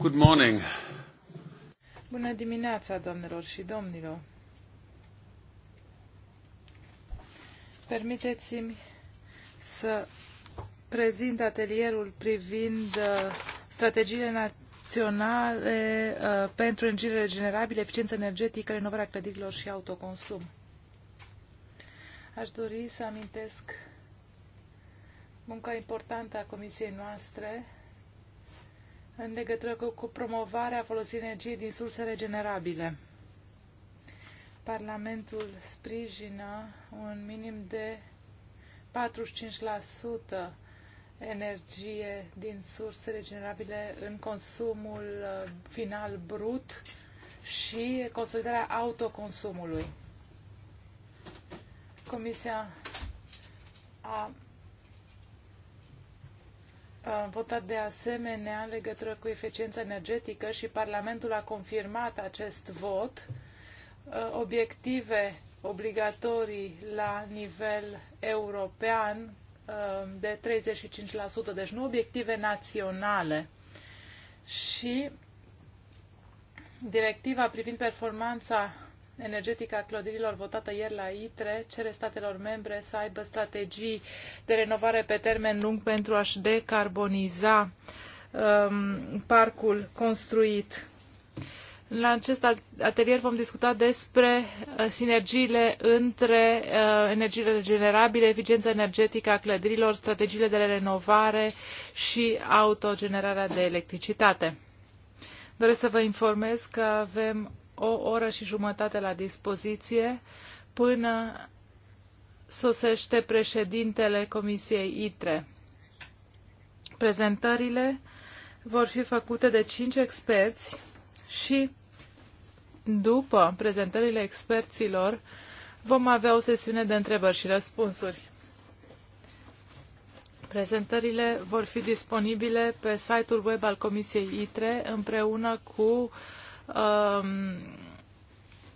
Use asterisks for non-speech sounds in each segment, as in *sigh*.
Good morning. Bună dimineața, doamnelor și domnilor. Permiteți-mi să prezint atelierul privind uh, strategiile naționale uh, pentru energie regenerabile, eficiență energetică, renovarea clădirilor și autoconsum. Aș dori să amintesc munca importantă a comisiei noastre în legătură cu, cu promovarea folosirii energiei din surse regenerabile. Parlamentul sprijină un minim de 45% energie din surse regenerabile în consumul uh, final brut și consolidarea autoconsumului. Comisia a votat de asemenea în legătură cu eficiența energetică și Parlamentul a confirmat acest vot. Uh, obiective obligatorii la nivel european uh, de 35%, deci nu obiective naționale. Și directiva privind performanța energetică a clădirilor votată ieri la ITRE cere statelor membre să aibă strategii de renovare pe termen lung pentru a-și decarboniza um, parcul construit. În acest atelier vom discuta despre uh, sinergiile între uh, energiile regenerabile, eficiența energetică a clădirilor, strategiile de renovare și autogenerarea de electricitate. Doresc să vă informez că avem o oră și jumătate la dispoziție până sosește președintele Comisiei ITRE. Prezentările vor fi făcute de cinci experți și după prezentările experților vom avea o sesiune de întrebări și răspunsuri. Prezentările vor fi disponibile pe site-ul web al Comisiei ITRE împreună cu uh, um,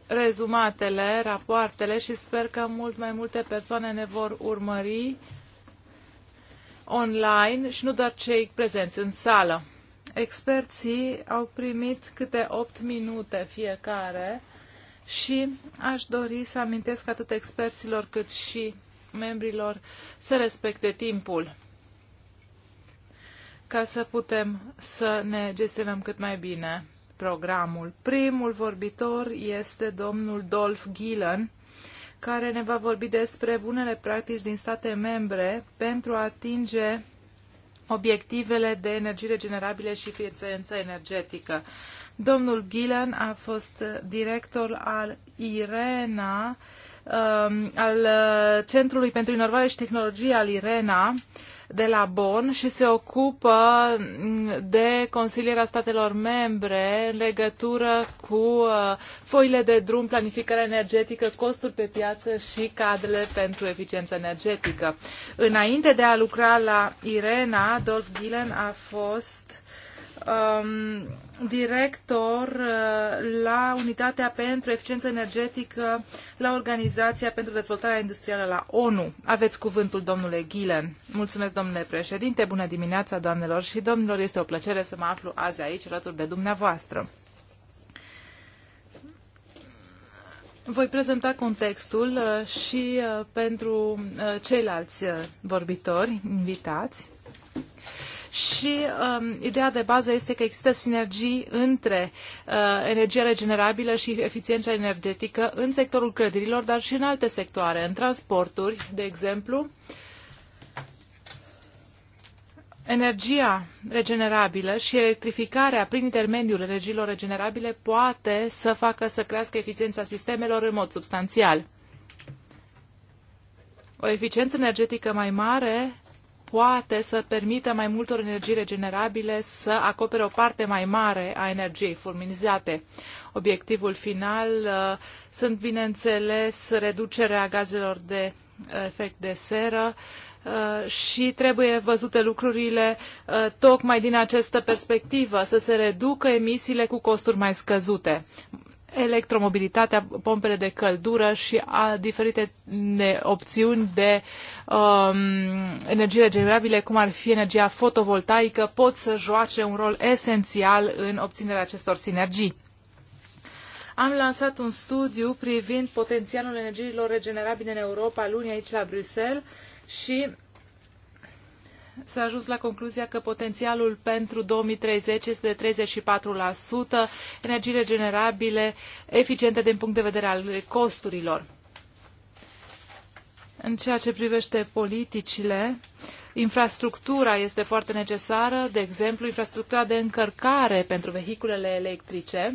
rezumatele, rapoartele și sper că mult mai multe persoane ne vor urmări online și nu doar cei prezenți în sală. Experții au primit câte 8 minute fiecare și aș dori să amintesc atât experților cât și membrilor să respecte timpul ca să putem să ne gestionăm cât mai bine programul. Primul vorbitor este domnul Dolph Gillen, care ne va vorbi despre bunele practici din state membre pentru a atinge obiectivele de energie regenerabile și eficiență energetică. Domnul Gillen a fost director al IRENA, um, al uh, Centrului pentru Inovare și Tehnologie al IRENA, de la Bonn și se ocupă mm, de consilierea statelor membre în legătură cu uh, foile de drum, planificarea energetică, costuri pe piață și cadrele pentru eficiență energetică. Înainte de a lucra la Irena, Dolph Gillen a fost um, director uh, la Unitatea pentru Eficiență Energetică la Organizația pentru Dezvoltarea Industrială la ONU. Aveți cuvântul, domnule Ghilen. Mulțumesc, domnule președinte. Bună dimineața, doamnelor și domnilor. Este o plăcere să mă aflu azi aici, alături de dumneavoastră. Voi prezenta contextul uh, și uh, pentru ceilalți vorbitori invitați și um, ideea de bază este că există sinergii între uh, energia regenerabilă și eficiența energetică în sectorul clădirilor, dar și în alte sectoare, în transporturi, de exemplu. Energia regenerabilă și electrificarea prin intermediul energiilor regenerabile poate să facă să crească eficiența sistemelor în mod substanțial. O eficiență energetică mai mare poate să permită mai multor energii regenerabile să acopere o parte mai mare a energiei furnizate. Obiectivul final uh, sunt, bineînțeles, reducerea gazelor de uh, efect de seră uh, și trebuie văzute lucrurile tocmai din această perspectivă, să se reducă emisiile cu costuri mai scăzute electromobilitatea, pompele de căldură și a diferite opțiuni de um, energie regenerabile, cum ar fi energia fotovoltaică, pot să joace un rol esențial în obținerea acestor sinergii. Am lansat un studiu privind potențialul energiilor regenerabile în Europa luni aici la Bruxelles și s-a ajuns la concluzia că potențialul pentru 2030 este de 34%, energii regenerabile, eficiente din punct de vedere al costurilor. În ceea ce privește politicile, infrastructura este foarte necesară, de exemplu, infrastructura de încărcare pentru vehiculele electrice,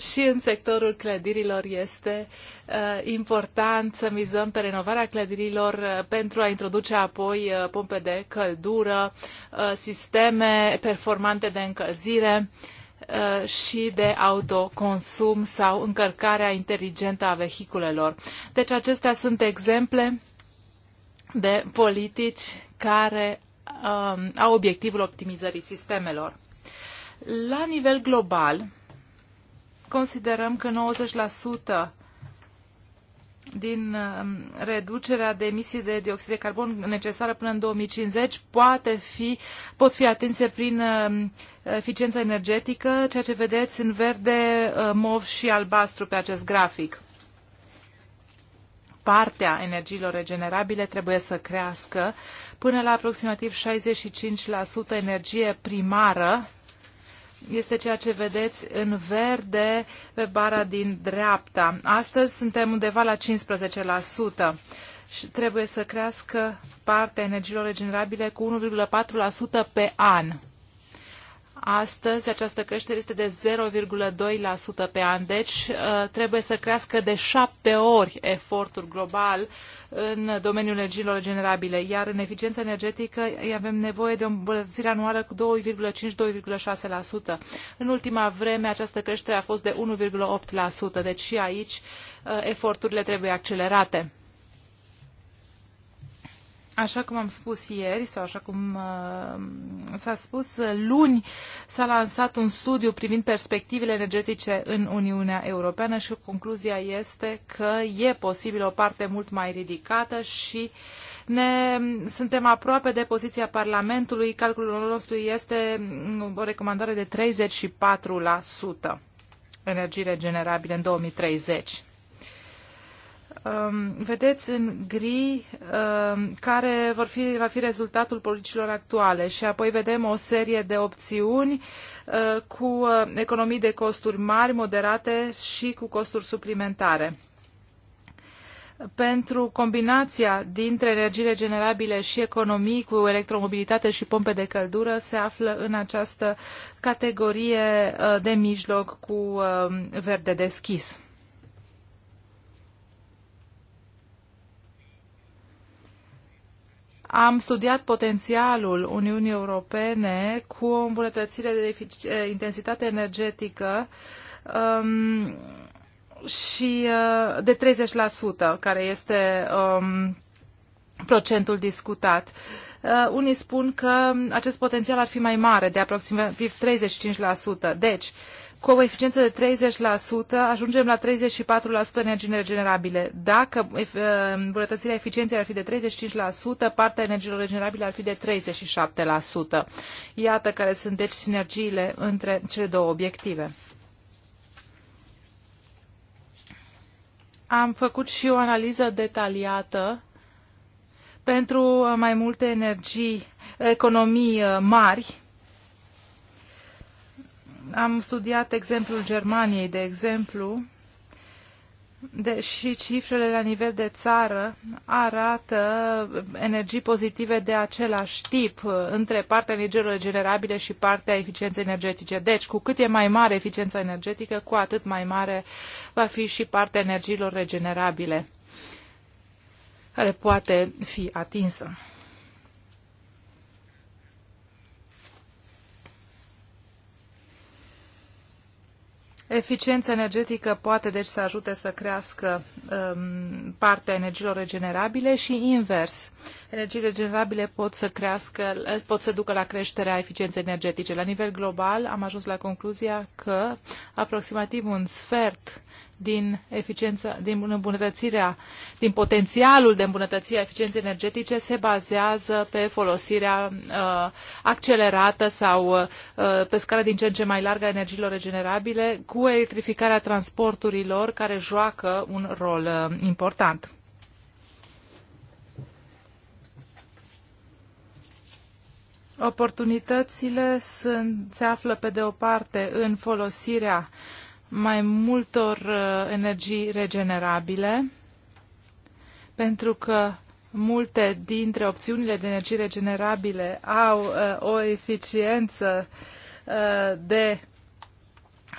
și în sectorul clădirilor este uh, important să mizăm pe renovarea clădirilor uh, pentru a introduce apoi uh, pompe de căldură, uh, sisteme performante de încălzire uh, și de autoconsum sau încărcarea inteligentă a vehiculelor. Deci acestea sunt exemple de politici care um, au obiectivul optimizării sistemelor. La nivel global, considerăm că 90% din um, reducerea de emisii de dioxid de carbon necesară până în 2050 poate fi, pot fi atinse prin um, eficiența energetică, ceea ce vedeți în verde, uh, mov și albastru pe acest grafic. Partea energiilor regenerabile trebuie să crească până la aproximativ 65% energie primară este ceea ce vedeți în verde pe bara din dreapta. Astăzi suntem undeva la 15% și trebuie să crească partea energiilor regenerabile cu 1,4% pe an astăzi această creștere este de 0,2% pe an, deci uh, trebuie să crească de șapte ori efortul global în domeniul energiilor regenerabile, iar în eficiența energetică avem nevoie de o îmbunătățire anuală cu 2,5-2,6%. În ultima vreme această creștere a fost de 1,8%, deci și aici uh, eforturile trebuie accelerate. Așa cum am spus ieri sau așa cum uh, s-a spus, luni s-a lansat un studiu privind perspectivele energetice în Uniunea Europeană și concluzia este că e posibil o parte mult mai ridicată și ne suntem aproape de poziția Parlamentului. Calculul nostru este mm, o recomandare de 34% energie regenerabile în 2030. Um, vedeți în gri um, care vor fi, va fi rezultatul politicilor actuale și apoi vedem o serie de opțiuni uh, cu uh, economii de costuri mari, moderate și cu costuri suplimentare pentru combinația dintre energii regenerabile și economii cu electromobilitate și pompe de căldură se află în această categorie uh, de mijloc cu verde deschis. Am studiat potențialul Uniunii Europene cu o îmbunătățire de eh, intensitate energetică um, și uh, de 30%, care este um, procentul discutat. Uh, unii spun că acest potențial ar fi mai mare, de aproximativ 35%. Deci, uh, cu o eficiență de 30%, ajungem la 34% energii regenerabile. Dacă uh, îmbunătățirea eficienței ar fi de 35%, partea energiilor regenerabile ar fi de 37%. Iată care sunt deci sinergiile între cele două obiective. Am făcut și o analiză detaliată pentru mai multe energii, economii uh, mari, am studiat exemplul Germaniei, de exemplu, de, și cifrele la nivel de țară arată energii pozitive de același tip uh, între partea energiilor regenerabile și partea eficienței energetice. Deci, cu cât e mai mare eficiența energetică, cu atât mai mare va fi și partea energiilor regenerabile care poate fi atinsă. Eficiența energetică poate deci să ajute să crească um, partea energiilor regenerabile și invers. Energiile regenerabile pot să crească, pot să ducă la creșterea eficienței energetice. La nivel global am ajuns la concluzia că aproximativ un sfert din eficiența, din îmbunătățirea, din potențialul de îmbunătățire a eficienței energetice se bazează pe folosirea uh, accelerată sau uh, pe scară din ce în ce mai largă a energiilor regenerabile cu electrificarea transporturilor care joacă un rol uh, important. Oportunitățile sunt, se află pe de o parte în folosirea uh, mai multor uh, energii regenerabile, pentru că multe dintre opțiunile de energie regenerabile au uh, o eficiență uh, de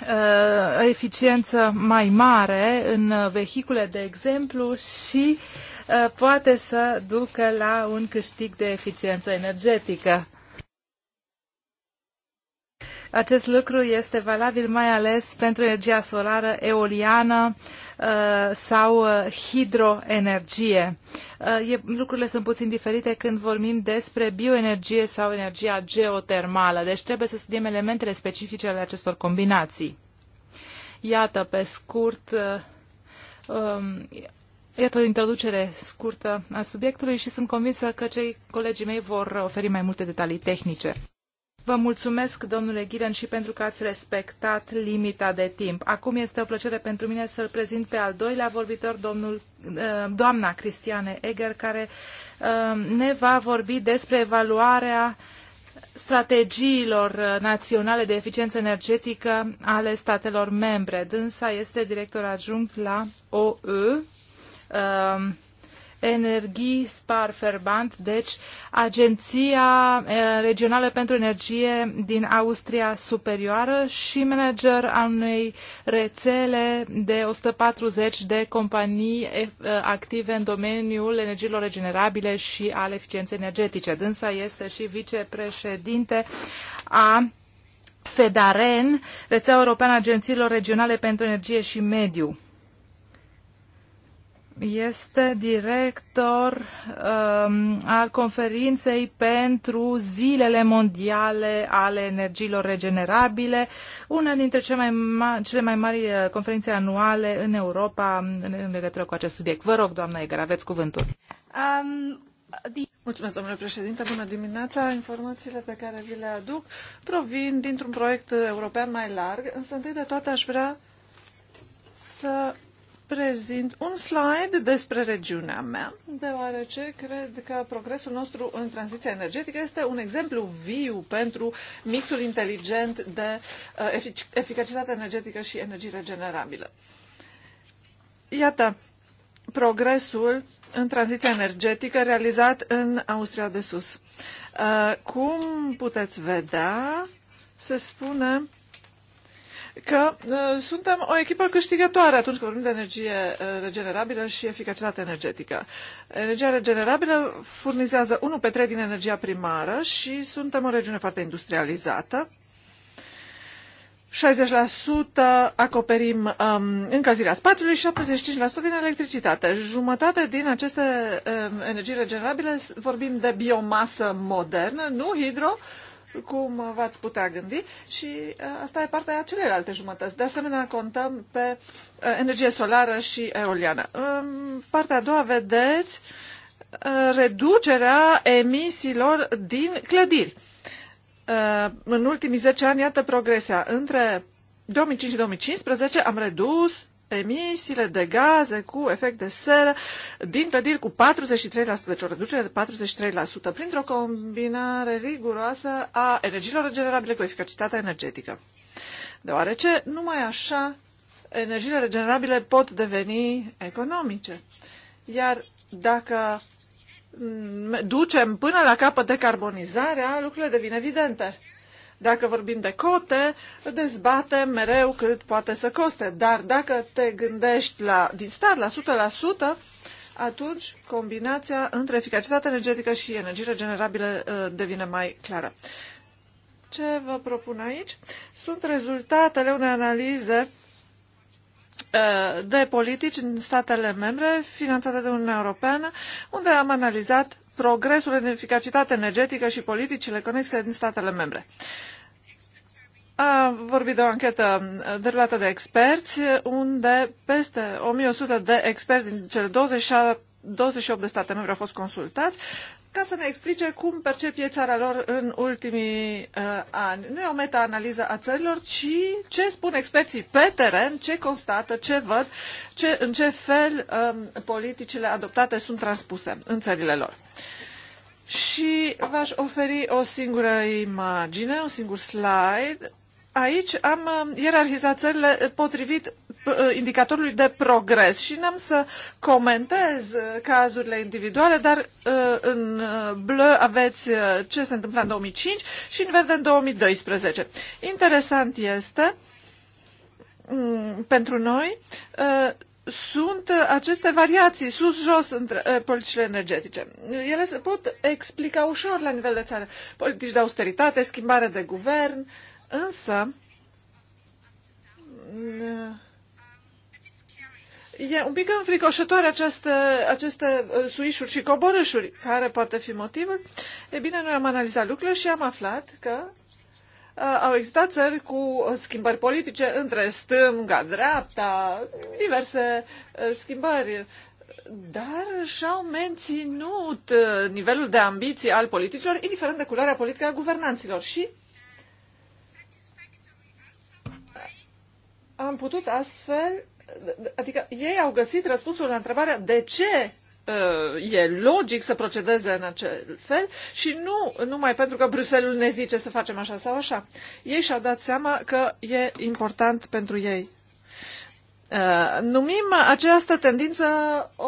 uh, eficiență mai mare în vehicule, de exemplu, și uh, poate să ducă la un câștig de eficiență energetică. Acest lucru este valabil mai ales pentru energia solară, eoliană uh, sau uh, hidroenergie. Uh, lucrurile sunt puțin diferite când vorbim despre bioenergie sau energia geotermală, deci trebuie să studiem elementele specifice ale acestor combinații. Iată, pe scurt, um, Iată o introducere scurtă a subiectului și sunt convinsă că cei colegii mei vor oferi mai multe detalii tehnice. Vă mulțumesc, domnule Ghiren, și pentru că ați respectat limita de timp. Acum este o plăcere pentru mine să-l prezint pe al doilea vorbitor, domnul, eh, doamna Cristiane Eger, care eh, ne va vorbi despre evaluarea strategiilor eh, naționale de eficiență energetică ale statelor membre. Dânsa este director adjunct la OE, Energii Spar Ferbant, deci Agenția eh, Regională pentru Energie din Austria Superioară și manager al unei rețele de 140 de companii eh, active în domeniul energiilor regenerabile și al eficienței energetice. Dânsa este și vicepreședinte a FEDAREN, rețeaua europeană a agențiilor regionale pentru energie și mediu este director um, al conferinței pentru zilele mondiale ale energiilor regenerabile, una dintre cele mai, ma- cele mai mari uh, conferințe anuale în Europa în legătură cu acest subiect. Vă rog, doamna Egar, aveți cuvântul. Um, Mulțumesc, domnule președinte. Bună dimineața. Informațiile pe care vi le aduc provin dintr-un proiect european mai larg, însă întâi de toate aș vrea să prezint un slide despre regiunea mea, deoarece cred că progresul nostru în tranziția energetică este un exemplu viu pentru mixul inteligent de uh, efic eficacitate energetică și energie regenerabilă. Iată progresul în tranziția energetică realizat în Austria de Sus. Uh, cum puteți vedea, se spune că uh, suntem o echipă câștigătoare atunci când vorbim de energie uh, regenerabilă și eficacitate energetică. Energia regenerabilă furnizează 1 pe 3 din energia primară și suntem o regiune foarte industrializată. 60% acoperim um, încălzirea spațiului și 75% din electricitate. Jumătate din aceste um, energii regenerabile vorbim de biomasă modernă, nu hidro, uh, cum v-ați putea gândi și uh, asta e partea a celelalte jumătăți. De asemenea, contăm pe uh, energie solară și eoliană. În partea a doua vedeți uh, reducerea emisiilor din clădiri. În ultimii 10 ani, iată progresia. Între 2005 și 2015 am redus emisiile de gaze cu efect de seră din clădiri cu 43%, deci o reducere de 43%, printr-o combinare riguroasă a energiilor regenerabile cu eficacitatea energetică. Deoarece numai așa energiile regenerabile pot deveni economice. Iar dacă ducem până la capăt decarbonizarea, lucrurile devin evidente. Dacă vorbim de cote, dezbatem mereu cât poate să coste, dar dacă te gândești la, din start la 100%, atunci combinația între eficacitate energetică și energie regenerabilă uh, devine mai clară. Ce vă propun aici? Sunt rezultatele unei analize uh, de politici în statele membre finanțate de Uniunea Europeană, unde am analizat progresul în eficacitate energetică și politicile conexe din statele membre. A vorbit de o anchetă derulată de experți, unde peste 1100 de experți din cele 27 28 de state membre au fost consultați ca să ne explice cum percepie țara lor în ultimii uh, ani. Nu e o meta-analiză a țărilor, ci ce spun experții pe teren, ce constată, ce văd, ce, în ce fel uh, politicile adoptate sunt transpuse în țările lor. Și v-aș oferi o singură imagine, un singur slide aici am um, ierarhizat țările potrivit Uh, indicatorului de progres și n-am să comentez uh, cazurile individuale, dar uh, în bleu aveți ce se întâmplă în 2005 și în verde în 2012. Interesant este mm, pentru noi sunt aceste variații sus-jos între politicile energetice. Ele se pot explica ușor la nivel de țară. Politici de austeritate, schimbare de guvern, însă mm, E un pic înfricoșătoare aceste, aceste uh, suișuri și coborâșuri, care poate fi motivul. E bine, noi am analizat lucrurile și am aflat că uh, au existat țări cu uh, schimbări politice între stânga, dreapta, diverse uh, schimbări, dar și-au menținut uh, nivelul de ambiții al politicilor, indiferent de culoarea politică a guvernanților. Și am putut astfel Adică ei au găsit răspunsul la întrebarea de ce uh, e logic să procedeze în acel fel și nu numai pentru că Bruselul ne zice să facem așa sau așa. Ei și-au dat seama că e important pentru ei. Uh, numim această tendință o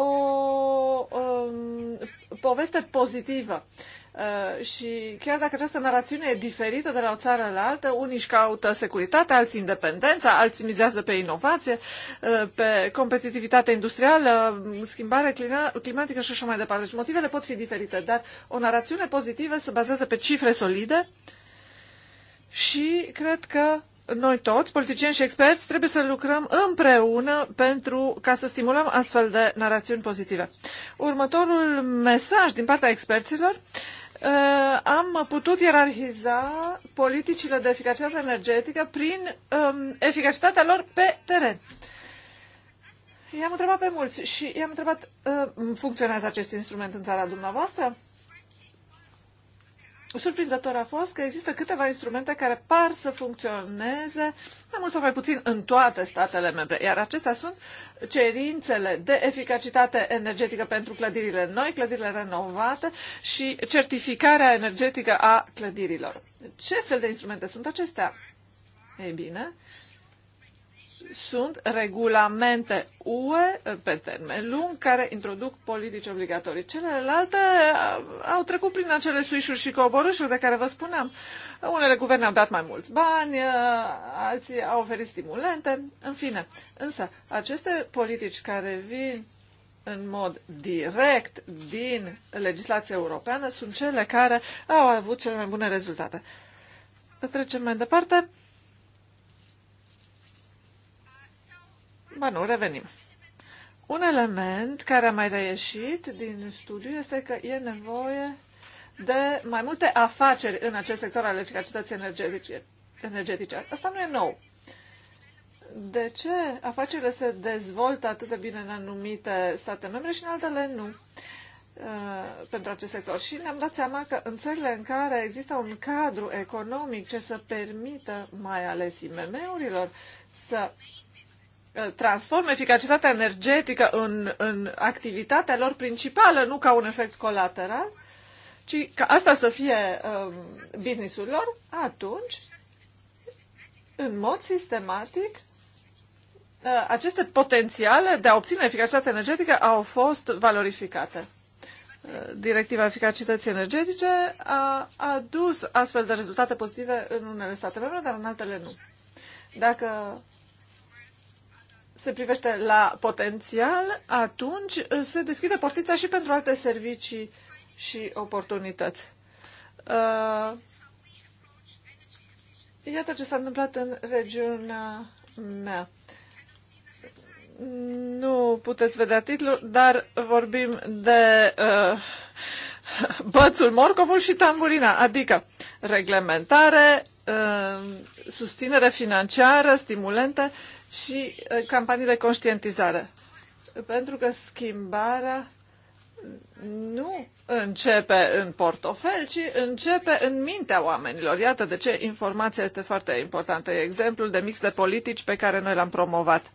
um, poveste pozitivă. Uh, și chiar dacă această narațiune e diferită de la o țară la altă, unii își caută securitate, alții independența, alții mizează pe inovație, uh, pe competitivitate industrială, schimbarea climatică și așa mai departe. Deci motivele pot fi diferite, dar o narațiune pozitivă se bazează pe cifre solide și cred că noi toți, politicieni și experți, trebuie să lucrăm împreună pentru ca să stimulăm astfel de narațiuni pozitive. Următorul mesaj din partea experților uh, uh, am putut ierarhiza politicile de eficacitate energetică prin um, eficacitatea lor pe teren. I-am întrebat pe mulți și i-am întrebat, uh, funcționează acest instrument în țara dumneavoastră? surprinzător a fost că există câteva instrumente care par să funcționeze mai mult sau mai puțin în toate statele membre, iar acestea sunt cerințele de eficacitate energetică pentru clădirile noi, clădirile renovate și certificarea energetică a clădirilor. Ce fel de instrumente sunt acestea? Ei bine, sunt regulamente UE eh, pe termen lung care introduc politici obligatorii. Celelalte eh, au trecut prin acele suișuri și coborâșuri de care vă spuneam. Unele guverne au dat mai mulți bani, eh, alții au oferit stimulente, în fine. Însă, aceste politici care vin în mod direct din legislația europeană sunt cele care au avut cele mai bune rezultate. Trecem mai departe. Ba nu, revenim. Un element care a mai reieșit din studiu este că e nevoie de mai multe afaceri în acest sector al eficacității energetice. energetice. Asta nu e nou. De ce afacerile se dezvoltă atât de bine în anumite state membre și în altele nu? Uh, pentru acest sector. Și ne-am dat seama că în țările în care există un cadru economic ce să permită mai ales IMM-urilor să Uh, transforme eficacitatea energetică în, în activitatea lor principală, nu ca un efect colateral, ci ca asta să fie um, businessul lor, atunci, în mod sistematic, uh, aceste potențiale de a obține eficacitate energetică au fost valorificate. Uh, directiva eficacității energetice a adus astfel de rezultate pozitive în unele state membre, dar în altele nu. Dacă se privește la potențial, atunci uh, se deschide portița și pentru alte servicii și oportunități. Uh, iată ce s-a întâmplat în regiunea mea. Nu puteți vedea titlul, dar vorbim de uh, *laughs* bățul, morcovul și tamburina, adică reglementare, uh, susținere financiară, stimulente și uh, campanii de conștientizare. Pentru că schimbarea nu începe în portofel, ci începe în mintea oamenilor. Iată de ce informația este foarte importantă. E exemplul de mix de politici pe care noi l-am promovat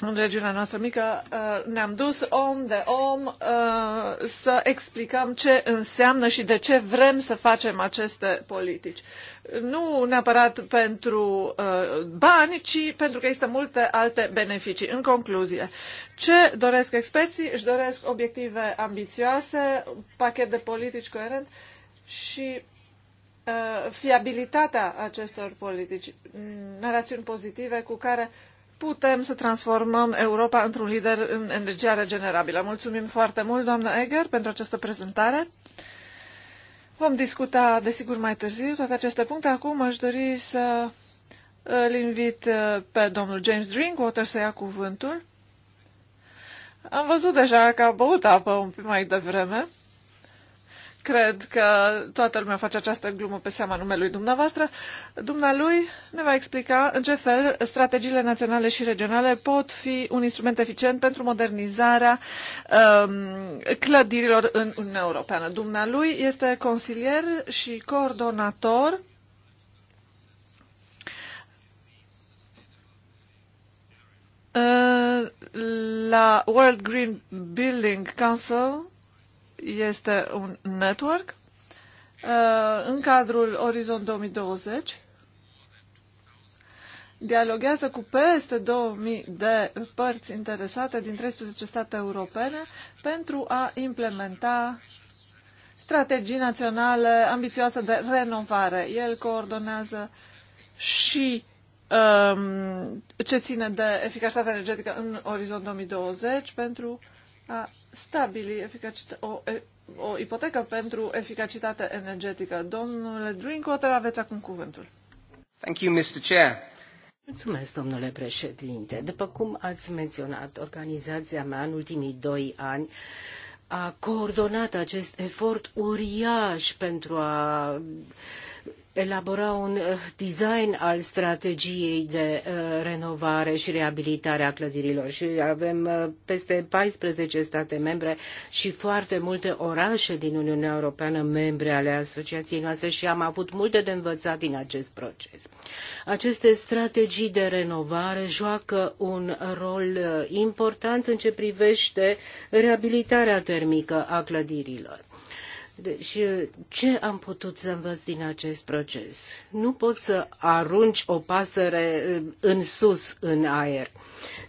în regiunea noastră mică uh, ne-am dus om de om uh, să explicăm ce înseamnă și de ce vrem să facem aceste politici. Nu neapărat pentru uh, bani, ci pentru că există multe alte beneficii. În concluzie, ce doresc experții? Își doresc obiective ambițioase, pachet de politici coerent și fiabilitatea acestor politici, narațiuni pozitive cu care putem să transformăm Europa într-un lider în energia regenerabilă. Mulțumim foarte mult, doamnă Eger, pentru această prezentare. Vom discuta, desigur, mai târziu toate aceste puncte. Acum aș dori să îl invit uh, pe domnul James Drinkwater să ia cuvântul. Am văzut deja că a băut apă un pic mai devreme. Cred că toată lumea face această glumă pe seama numelui dumneavoastră. Dumnealui ne va explica în ce fel strategiile naționale și regionale pot fi un instrument eficient pentru modernizarea um, clădirilor în Uniunea Europeană. Dumnealui este consilier și coordonator uh, la World Green Building Council este un network uh, în cadrul Orizont 2020 dialoghează cu peste 2000 de părți interesate din 13 state europene pentru a implementa strategii naționale ambițioase de renovare. El coordonează și um, ce ține de eficacitatea energetică în orizont 2020 pentru uh, a stabili o, o ipotecă pentru eficacitate energetică. Domnule Drinkwater, aveți acum cuvântul. Thank you, Mr. Chair. Mulțumesc, domnule președinte. După cum ați menționat, organizația mea în ultimii doi ani a coordonat acest efort uriaș pentru a uh, elabora un eh, design al strategiei de eh, renovare și reabilitare a clădirilor și avem eh, peste 14 state membre și foarte multe orașe din Uniunea Europeană membre ale asociației noastre și am avut multe de învățat din acest proces. Aceste strategii de renovare joacă un rol important în ce privește reabilitarea termică a clădirilor și ce am putut să învăț din acest proces? Nu poți să arunci o pasăre eh, în sus, în aer.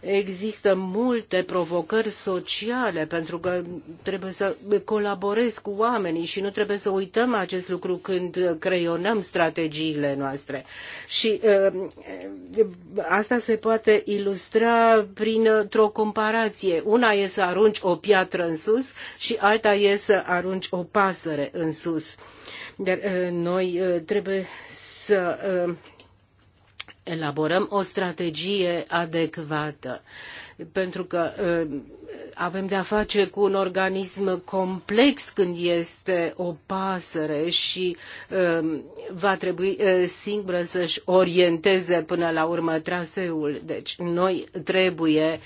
Există multe provocări sociale, pentru că trebuie să colaborezi cu oamenii și nu trebuie să uităm acest lucru când creionăm strategiile noastre. Și eh, asta se poate ilustra printr-o eh, comparație. Una e să arunci o piatră în sus și alta e să arunci o pasăre pasăre în sus. Dar uh, noi uh, trebuie să uh, elaborăm o strategie adecvată, pentru că avem de-a face cu un organism complex când este o pasăre și um, va trebui uh, singură să-și orienteze până la urmă traseul. Deci noi trebuie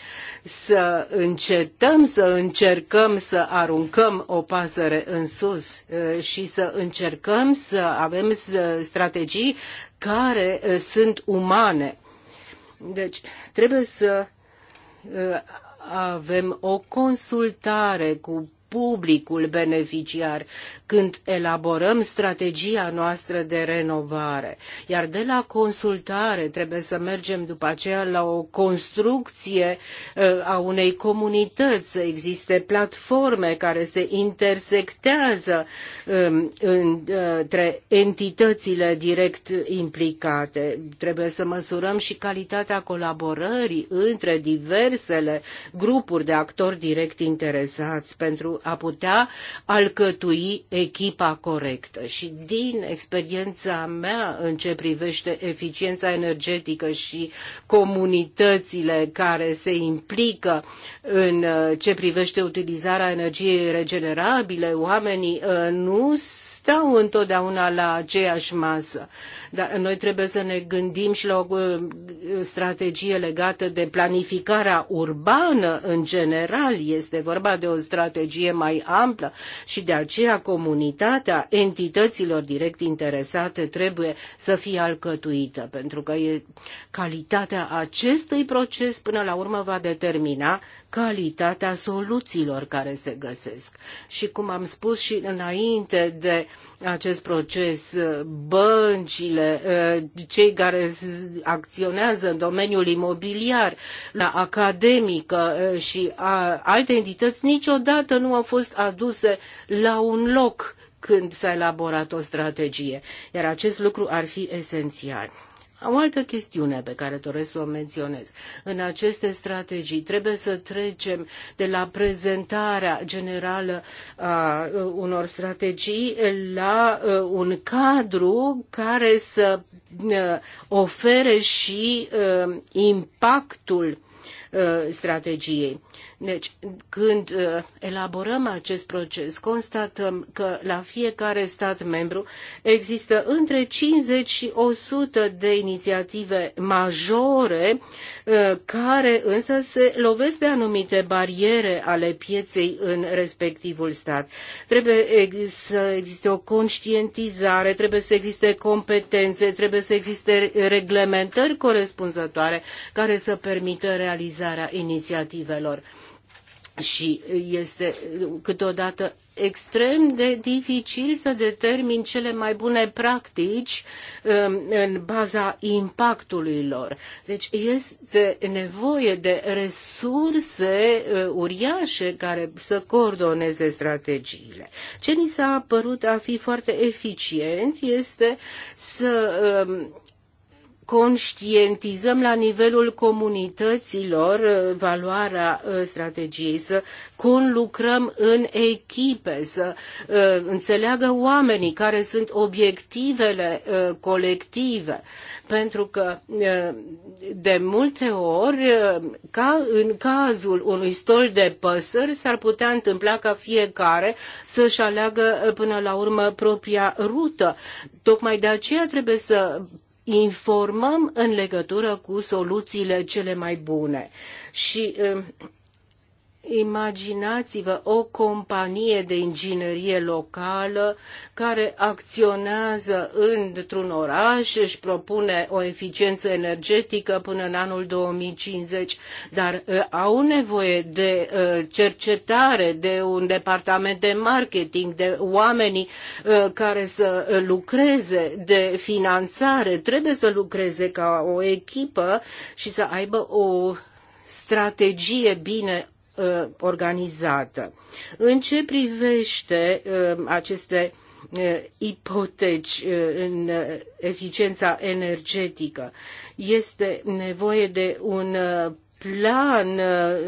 să încetăm să încercăm să aruncăm o pasăre în sus uh, și să încercăm să avem uh, strategii care sunt umane. Deci trebuie să avem o consultare cu publicul beneficiar când elaborăm strategia noastră de renovare. Iar de la consultare trebuie să mergem după aceea la o construcție uh, a unei comunități, să existe platforme care se intersectează um, uh, între entitățile direct implicate. Trebuie să măsurăm și calitatea colaborării între diversele grupuri de actori direct interesați pentru a putea alcătui echipa corectă. Și din experiența mea în ce privește eficiența energetică și comunitățile care se implică în uh, ce privește utilizarea energiei regenerabile, oamenii uh, nu stau întotdeauna la aceeași masă. Dar noi trebuie să ne gândim și la o uh, strategie legată de planificarea urbană în general. Este vorba de o strategie mai amplă și de aceea comunitatea entităților direct interesate trebuie să fie alcătuită, pentru că e calitatea acestui proces până la urmă va determina calitatea soluțiilor care se găsesc. Și cum am spus și înainte de acest proces, băncile, eh, cei care acționează în domeniul imobiliar, la academică eh, și alte entități niciodată nu au fost aduse la un loc când s-a elaborat o strategie, iar acest lucru ar fi esențial. O altă chestiune pe care doresc să o menționez. În aceste strategii trebuie să trecem de la prezentarea generală a unor strategii la un cadru care să ofere și impactul strategiei. Deci, când uh, elaborăm acest proces, constatăm că la fiecare stat membru există între 50 și 100 de inițiative majore uh, care însă se lovesc de anumite bariere ale pieței în respectivul stat. Trebuie să existe o conștientizare, trebuie să existe competențe, trebuie să existe reglementări corespunzătoare care să permită realizarea inițiativelor și este câteodată extrem de dificil să determin cele mai bune practici um, în baza impactului lor. Deci este nevoie de resurse uh, uriașe care să coordoneze strategiile. Ce ni s-a părut a fi foarte eficient este să um, conștientizăm la nivelul comunităților uh, valoarea uh, strategiei, să conlucrăm în echipe, să uh, înțeleagă oamenii care sunt obiectivele colective. Pentru că de multe ori, ca în cazul unui stol de păsări, s-ar putea întâmpla ca fiecare să-și aleagă până la urmă propria rută. Tocmai de aceea trebuie să informăm în legătură cu soluțiile cele mai bune. Și um, Imaginați-vă o companie de inginerie locală care acționează într-un oraș, își propune o eficiență energetică până în anul 2050, dar ă, au nevoie de ă, cercetare, de un departament de marketing, de oamenii ă, care să lucreze, de finanțare. Trebuie să lucreze ca o echipă și să aibă o strategie bine Uh, organizată. În ce privește uh, aceste uh, ipoteci în eficiența energetică. Este nevoie de un plan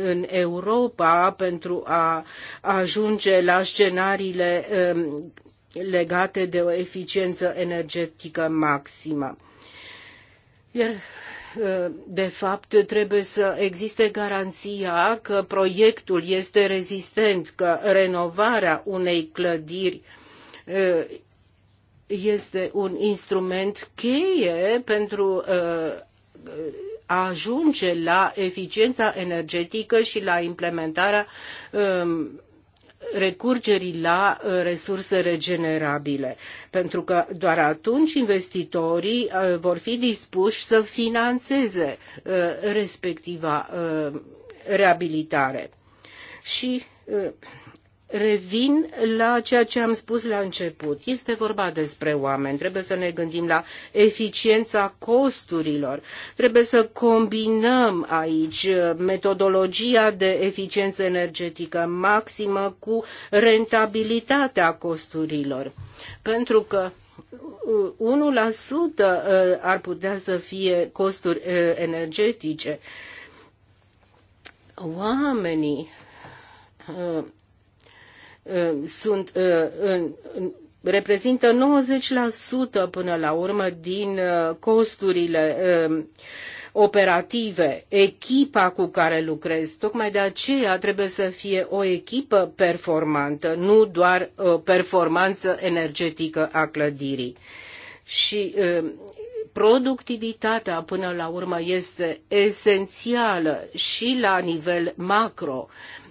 în Europa pentru a ajunge la scenariile um, legate de o eficiență energetică maximă. Iar de fapt, trebuie să existe garanția că proiectul este rezistent, că renovarea unei clădiri uh, este un instrument cheie pentru uh, a ajunge la eficiența energetică și la implementarea um, recurgerii la uh, resurse regenerabile, pentru că doar atunci investitorii uh, vor fi dispuși să financeze uh, respectiva reabilitare. Și revin la ceea ce am spus la început. Este vorba despre oameni. Trebuie să ne gândim la eficiența costurilor. Trebuie să combinăm aici metodologia de eficiență energetică maximă cu rentabilitatea costurilor. Pentru că 1% uh, ar putea să fie costuri uh, energetice. Oamenii uh, Uh, sunt, uh, reprezintă 90% până la urmă din uh, costurile um, operative, echipa cu care lucrezi. Tocmai de aceea trebuie să fie o echipă performantă, nu doar o performanță energetică a clădirii. Și um, productivitatea până la urmă este esențială și la nivel macro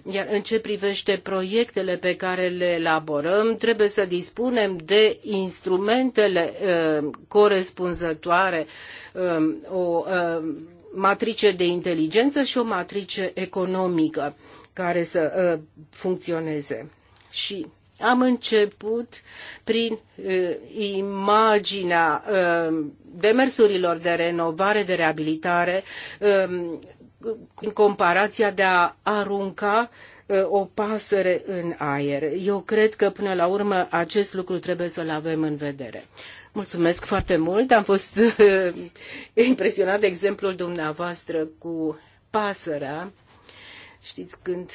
iar în ce privește proiectele pe care le elaborăm, trebuie să dispunem de instrumentele uh, corespunzătoare, um, o uh, matrice de inteligență și o matrice economică care să uh, funcționeze. Și am început prin uh, imaginea um, demersurilor de renovare, de reabilitare în comparația de a arunca uh, o pasăre în aer. Eu cred că până la urmă acest lucru trebuie să-l avem în vedere. Mulțumesc foarte mult. Am fost *laughs* uh, impresionat de exemplul dumneavoastră cu pasărea. Știți când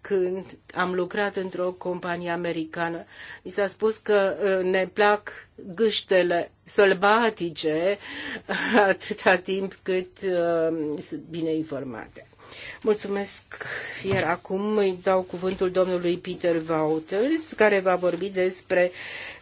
când am lucrat într-o companie americană. Mi s-a spus că uh, ne plac gâștele sălbatice *laughs* atâta timp cât uh, bine informate. Mulțumesc, iar acum îi dau cuvântul domnului Peter Wouters, care va vorbi despre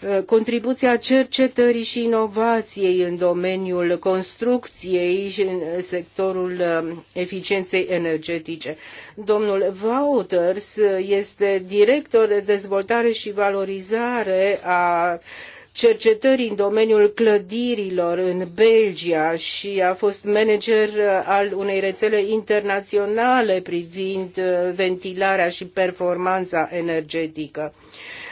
uh, contribuția cercetării și inovației în domeniul construcției și în sectorul uh, eficienței energetice. Domnul Wouters este director de dezvoltare și valorizare a cercetării în domeniul clădirilor în Belgia și a fost manager uh, al unei rețele internaționale privind uh, ventilarea și performanța energetică.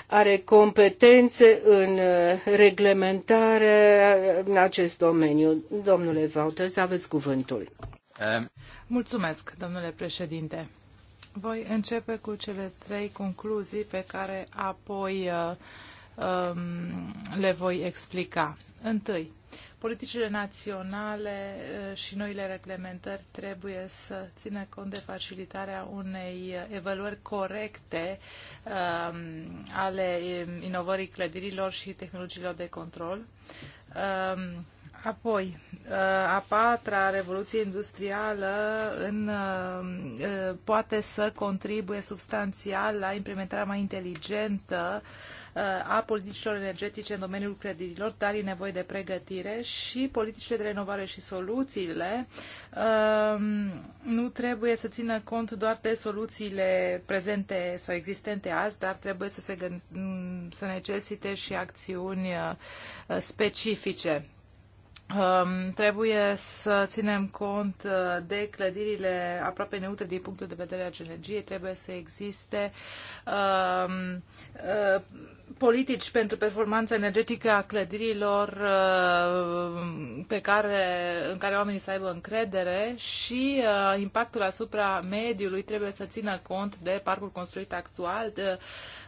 Are competențe în uh, reglementare în acest domeniu. Domnule Vauters, aveți cuvântul. Mulțumesc, domnule președinte. Voi începe cu cele trei concluzii pe care apoi uh, Um, le voi explica. Întâi, politicile naționale uh, și noile reglementări trebuie să țină cont de facilitarea unei evaluări corecte um, ale inovării clădirilor și tehnologiilor de control. Um, apoi, uh, a patra revoluție industrială în, uh, poate să contribuie substanțial la implementarea mai inteligentă a politicilor energetice în domeniul clădirilor, dar e nevoie de pregătire și politicile de renovare și soluțiile um, nu trebuie să țină cont doar de soluțiile prezente sau existente azi, dar trebuie să, se gând- să necesite și acțiuni uh, specifice. Um, trebuie să ținem cont uh, de clădirile aproape neutre din punctul de vedere al energiei. Trebuie să existe um, uh, politici pentru performanța energetică a clădirilor uh, pe care, în care oamenii să aibă încredere și uh, impactul asupra mediului trebuie să țină cont de parcul construit actual, de,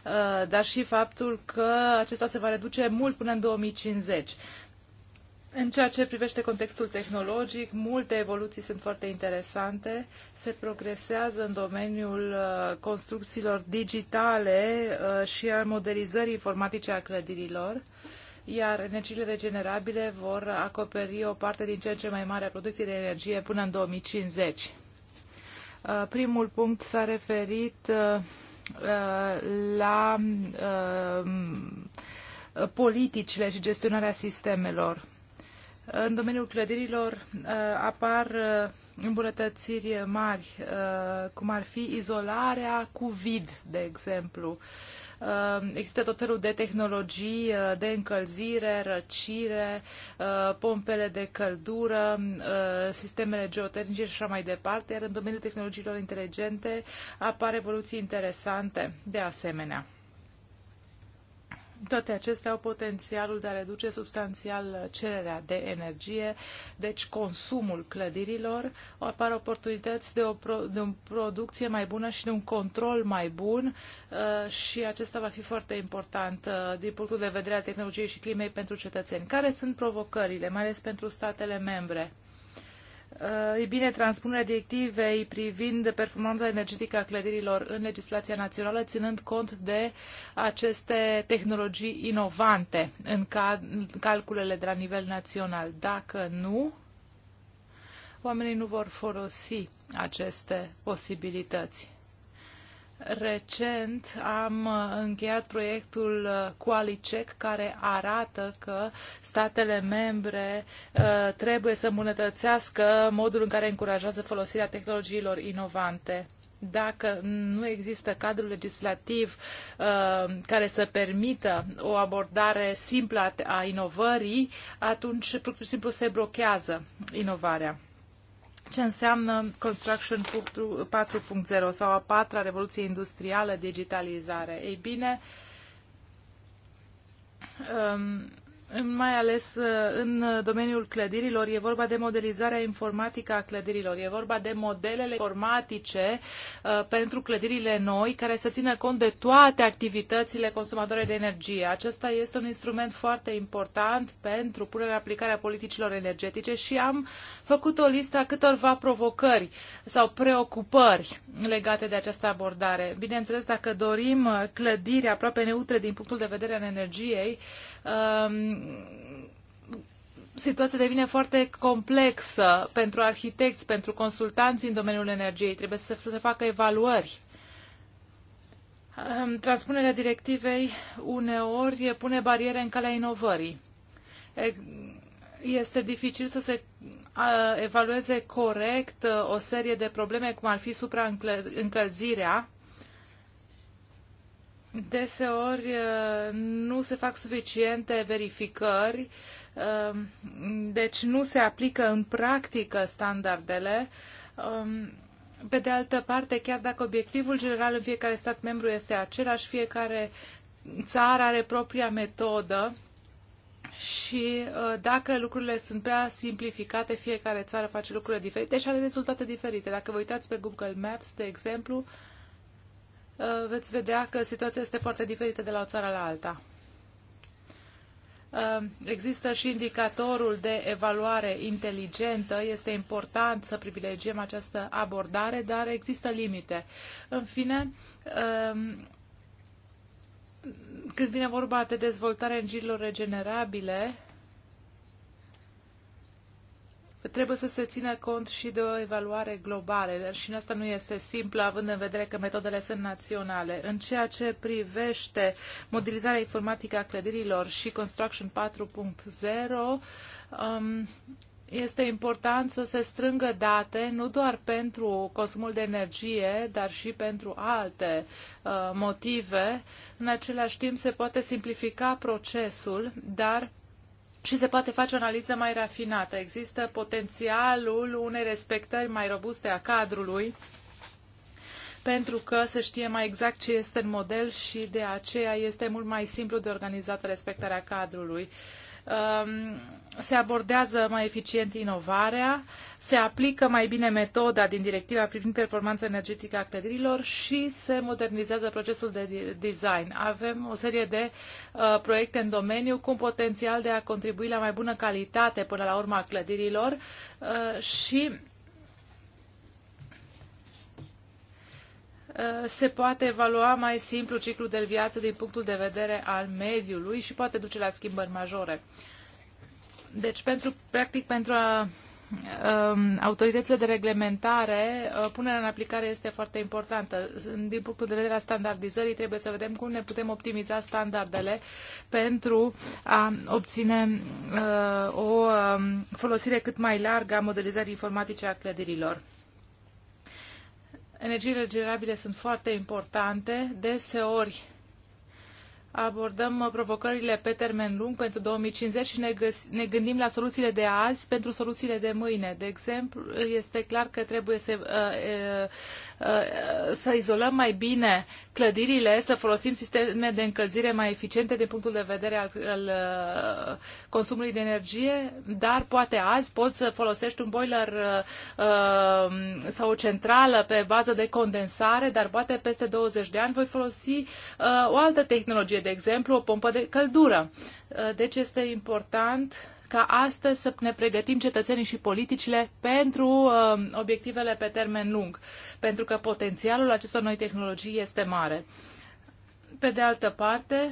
uh, dar și faptul că acesta se va reduce mult până în 2050. În ceea ce privește contextul tehnologic, multe evoluții sunt foarte interesante. Se progresează în domeniul uh, construcțiilor digitale uh, și al modelizării informatice a clădirilor, iar energiile regenerabile vor acoperi o parte din ce în ce mai mare a producției de energie până în 2050. Uh, primul punct s-a referit la politicile și gestionarea sistemelor în domeniul clădirilor uh, apar uh, îmbunătățiri mari, uh, cum ar fi izolarea cu vid, de exemplu. Există tot felul de tehnologii de încălzire, răcire, pompele de căldură, sistemele geotermice și așa mai departe, iar în domeniul tehnologiilor inteligente apar evoluții interesante de asemenea. Toate acestea au potențialul de a reduce substanțial cererea de energie, deci consumul clădirilor, apar oportunități de o, pro, de o producție mai bună și de un control mai bun uh, și acesta va fi foarte important uh, din punctul de vedere al tehnologiei și climei pentru cetățeni. Care sunt provocările, mai ales pentru statele membre? Uh, e bine, transpunerea directivei privind performanța energetică a clădirilor în legislația națională, ținând cont de aceste tehnologii inovante în calculele de la nivel național. Dacă nu, oamenii nu vor folosi aceste posibilități. Recent am uh, încheiat proiectul uh, QualiCheck care arată că statele membre uh, trebuie să îmbunătățească modul în care încurajează folosirea tehnologiilor inovante dacă nu există cadrul legislativ uh, care să permită o abordare simplă a inovării, atunci pur și simplu se blochează inovarea ce înseamnă Construction 4.0 sau a patra revoluție industrială, digitalizare. Ei bine, um, mai ales uh, în domeniul clădirilor, e vorba de modelizarea informatică a clădirilor, e vorba de modelele informatice uh, pentru clădirile noi, care să țină cont de toate activitățile consumatoare de energie. Acesta este un instrument foarte important pentru punerea aplicarea politicilor energetice și am făcut o listă a câtorva provocări sau preocupări legate de această abordare. Bineînțeles, dacă dorim uh, clădiri aproape neutre din punctul de vedere al energiei, Um, situația devine foarte complexă pentru arhitecți, pentru consultanți în domeniul energiei. Trebuie să, să se facă evaluări. Um, transpunerea directivei uneori pune bariere în calea inovării. Este dificil să se evalueze corect uh, o serie de probleme, cum ar fi supraîncălzirea, Deseori uh, nu se fac suficiente verificări, um, deci nu se aplică în practică standardele. Um, pe de altă parte, chiar dacă obiectivul general în fiecare stat membru este același, fiecare țară are propria metodă și uh, dacă lucrurile sunt prea simplificate, fiecare țară face lucrurile diferite și are rezultate diferite. Dacă vă uitați pe Google Maps, de exemplu, Uh, veți vedea că situația este foarte diferită de la o țară la alta. Uh, există și indicatorul de evaluare inteligentă. Este important să privilegiem această abordare, dar există limite. În fine, uh, când vine vorba de dezvoltarea energiilor regenerabile, trebuie să se țină cont și de o evaluare globală și asta nu este simplă, având în vedere că metodele sunt naționale. În ceea ce privește modelizarea informatică a clădirilor și Construction 4.0, um, este important să se strângă date nu doar pentru consumul de energie, dar și pentru alte uh, motive. În același timp se poate simplifica procesul, dar și se poate face o analiză mai rafinată. Există potențialul unei respectări mai robuste a cadrului pentru că se știe mai exact ce este în model și de aceea este mult mai simplu de organizat respectarea cadrului. Uh, Um, se abordează mai eficient inovarea, se aplică mai bine metoda din directiva privind performanța energetică a clădirilor și se modernizează procesul de design. Avem o serie de uh, proiecte în domeniu cu potențial de a contribui la mai bună calitate până la urma clădirilor uh, și Eh, se poate evalua mai simplu ciclul de viață din punctul de vedere al mediului și poate duce la schimbări majore. Deci, pentru, practic, pentru a, um, autoritățile de reglementare, uh, punerea în aplicare este foarte importantă. Din punctul de vedere a standardizării, trebuie să vedem cum ne putem optimiza standardele pentru a obține uh, o um, folosire cât mai largă a modelizării informatice a clădirilor. Energiile regenerabile sunt foarte importante. Deseori abordăm uh, provocările pe termen lung pentru 2050 și ne, găs- ne gândim la soluțiile de azi pentru soluțiile de mâine. De exemplu, este clar că trebuie să, uh, uh, uh, să izolăm mai bine clădirile, să folosim sisteme de încălzire mai eficiente din punctul de vedere al, al uh, consumului de energie, dar poate azi poți să folosești un boiler uh, sau o centrală pe bază de condensare, dar poate peste 20 de ani voi folosi o altă tehnologie de exemplu, o pompă de căldură. Uh, deci este important ca astăzi să ne pregătim cetățenii și politicile pentru uh, obiectivele pe termen lung, pentru că potențialul acestor noi tehnologii este mare. Pe de altă parte,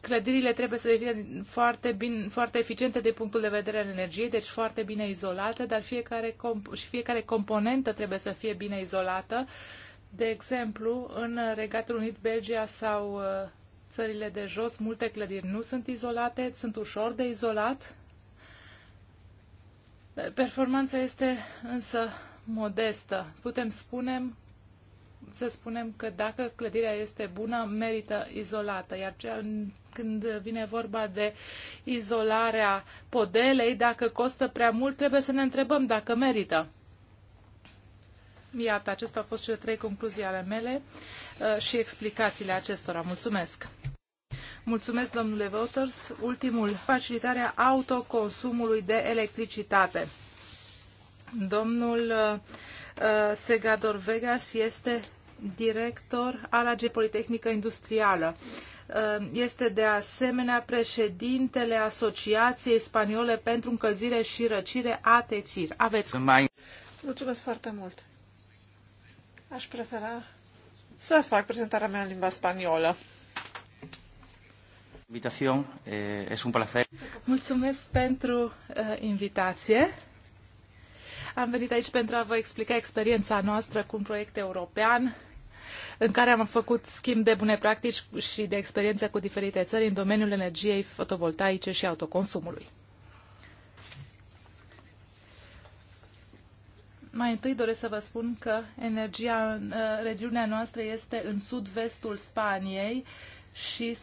clădirile trebuie să devină foarte, bine, foarte eficiente din punctul de vedere al energiei, deci foarte bine izolate, dar fiecare și fiecare componentă trebuie să fie bine izolată. Uh, de exemplu, în Regatul Unit, Belgia sau uh, țările de jos, multe clădiri nu sunt izolate, sunt ușor de izolat. Performanța este însă modestă. Putem spunem, să spunem că dacă clădirea este bună, merită izolată, iar când vine vorba de izolarea podelei, dacă costă prea mult, trebuie să ne întrebăm dacă merită. Iată, acestea au fost cele trei concluzii ale mele uh, și explicațiile acestora. Mulțumesc! Mulțumesc, domnule Voters. Ultimul, facilitarea autoconsumului de electricitate. Domnul uh, uh Segador Vegas este director al AG Politehnică Industrială. Uh, este de asemenea președintele Asociației Spaniole pentru Încălzire și Răcire ATECIR. Aveți. Mulțumesc foarte mult. Aș prefera să fac prezentarea mea în limba spaniolă. Invitación, eh, es un placer. Mulțumesc pentru uh, invitație. Am venit aici pentru a vă explica experiența noastră cu un proiect european în care am făcut schimb de bune practici și de experiență cu diferite țări în domeniul energiei fotovoltaice și autoconsumului. Mai întâi doresc să vă spun că energia în uh, regiunea noastră este în sud-vestul Spaniei și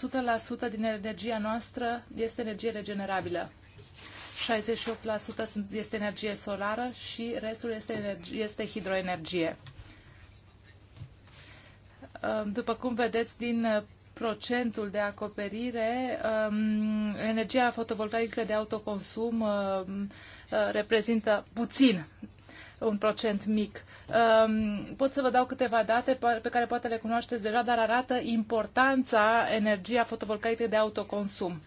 100% din energia noastră este energie regenerabilă. 68% este energie solară și restul este, energie, este hidroenergie. Um, după cum vedeți din uh, procentul de acoperire, um, energia fotovoltaică de autoconsum um, uh, reprezintă puțin un procent mic. Um, pot să vă dau câteva date pe care poate le cunoașteți deja, dar arată importanța energia fotovoltaică de autoconsum.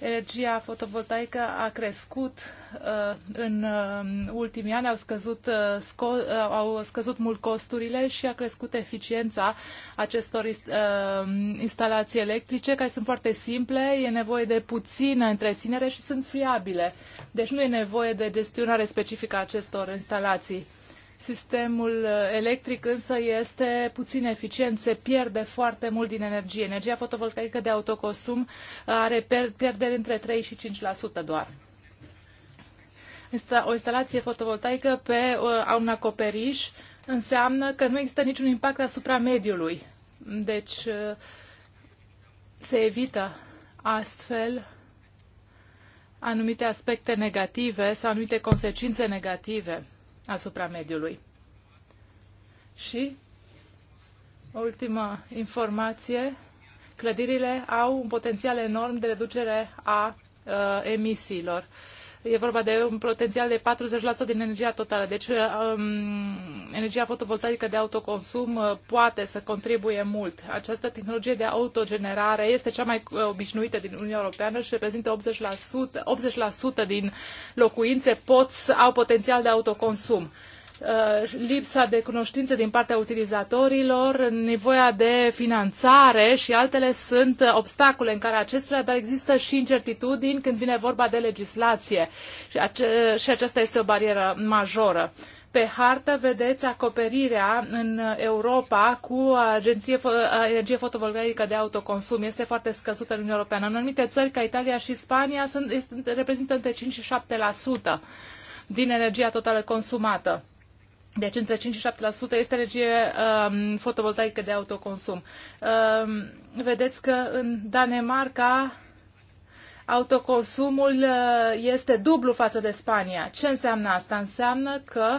Energia fotovoltaică a crescut uh, în uh, ultimii ani, au scăzut, uh, au scăzut mult costurile și a crescut eficiența acestor instalații electrice, care sunt foarte simple, e nevoie de puțină întreținere și sunt friabile. Deci nu e nevoie de gestionare specifică a acestor instalații. Sistemul uh, electric însă este puțin eficient, se pierde foarte mult din energie. Energia fotovoltaică de autoconsum uh, are pierderi între 3 și 5% doar o instalație fotovoltaică pe uh, un acoperiș înseamnă că nu există niciun impact asupra mediului. Deci se evită astfel anumite aspecte negative sau anumite consecințe negative asupra mediului. Și ultima informație, clădirile au un potențial enorm de reducere a uh, emisiilor. Uh, E vorba de un potențial de 40% din energia totală. Deci um, energia fotovoltaică de autoconsum uh, poate să contribuie mult. Această tehnologie de autogenerare este cea mai uh, obișnuită din Uniunea Europeană și reprezintă 80%, 80% din locuințe pot, au potențial de autoconsum. Uh, lipsa de cunoștințe din partea utilizatorilor, nevoia de finanțare și altele sunt obstacole în care acestora, dar există și incertitudini când vine vorba de legislație și, ace- și aceasta este o barieră majoră. Pe hartă vedeți acoperirea în Europa cu agenție, energie fotovoltaică de autoconsum. Este foarte scăzută în Uniunea Europeană. În anumite țări, ca Italia și Spania, sunt, este, reprezintă între 5 și 7% din energia totală consumată. Deci între 5 și 7% este energie um, fotovoltaică de autoconsum. Um, vedeți că în Danemarca autoconsumul uh, este dublu față de Spania. Ce înseamnă asta? Înseamnă că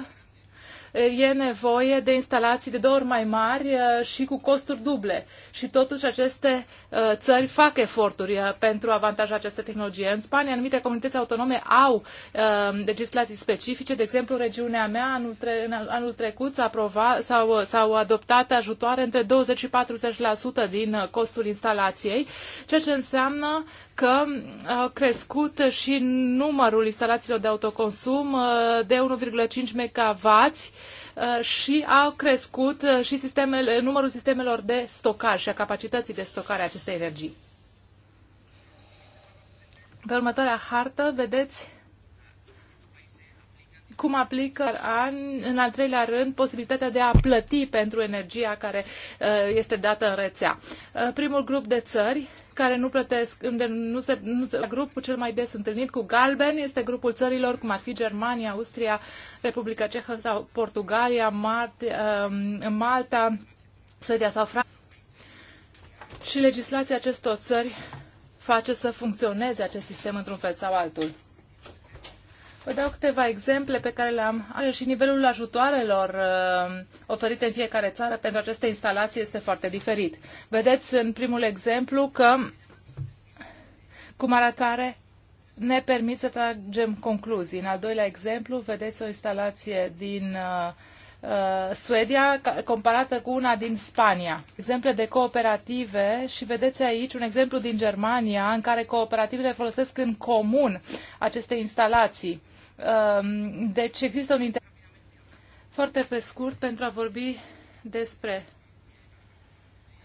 e nevoie de instalații de două ori mai mari și cu costuri duble. Și totuși aceste țări fac eforturi pentru a avantaja această tehnologie. În Spania, anumite comunități autonome au legislații specifice. De exemplu, regiunea mea anul, tre- în anul trecut s-a aprovat sau s-au adoptat ajutoare între 20 și 40% din costul instalației, ceea ce înseamnă că a crescut și numărul instalațiilor de autoconsum uh, de 1,5 MW uh, și au crescut și sistemele, numărul sistemelor de stocare și a capacității de stocare a acestei energii. Pe următoarea hartă vedeți cum aplică an, în al treilea rând posibilitatea de a plăti pentru energia care uh, este dată în rețea. Uh, primul grup de țări care nu plătesc, unde nu se, nu se, grupul cel mai des întâlnit cu galben este grupul țărilor cum ar fi Germania, Austria, Republica Cehă sau Portugalia, Marte, um, Malta, Suedia sau Franța. Și legislația acestor țări face să funcționeze acest sistem într-un fel sau altul. Vă dau câteva exemple pe care le-am și nivelul ajutoarelor uh, oferite în fiecare țară pentru aceste instalații este foarte diferit. Vedeți în primul exemplu că cum arătare ne permit să tragem concluzii. În al doilea exemplu, vedeți o instalație din uh, Uh, Suedia comparată cu una din Spania. Exemple de cooperative și vedeți aici un exemplu din Germania în care cooperativele folosesc în comun aceste instalații. Um, deci există un inter... Foarte pe scurt pentru a vorbi despre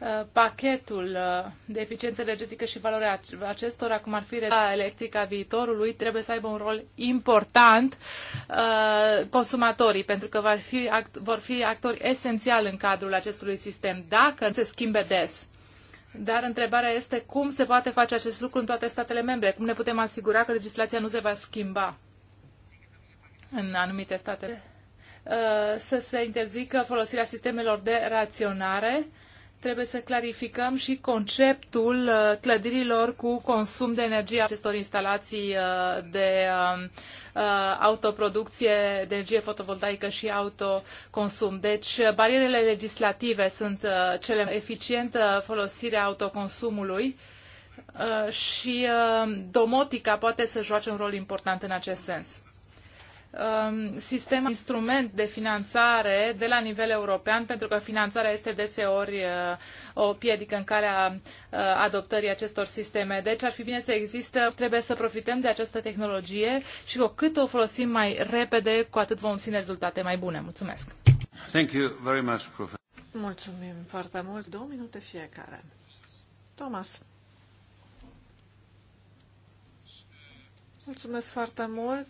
Uh, pachetul uh, de eficiență energetică și valoarea acestora, cum ar fi electrică a viitorului, trebuie să aibă un rol important uh, consumatorii, pentru că vor fi, act, vor fi actori esențiali în cadrul acestui sistem, dacă se schimbe des. Dar întrebarea este cum se poate face acest lucru în toate statele membre, cum ne putem asigura că legislația nu se va schimba în anumite state. Să se interzică folosirea sistemelor de raționare Trebuie să clarificăm și conceptul uh, clădirilor cu consum de energie acestor instalații uh, de um, uh, autoproducție de energie fotovoltaică și autoconsum. Deci, barierele legislative sunt cele eficientă folosirea autoconsumului și domotica poate să joace un rol important în acest sens. Um, sistem, instrument de finanțare de la nivel european, pentru că finanțarea este deseori uh, o piedică în care a uh, adoptării acestor sisteme. Deci ar fi bine să există, trebuie să profităm de această tehnologie și cu cât o folosim mai repede, cu atât vom obține rezultate mai bune. Mulțumesc! Thank you very much, Professor. Mulțumim foarte mult. Două minute fiecare. Thomas. Mulțumesc foarte mult.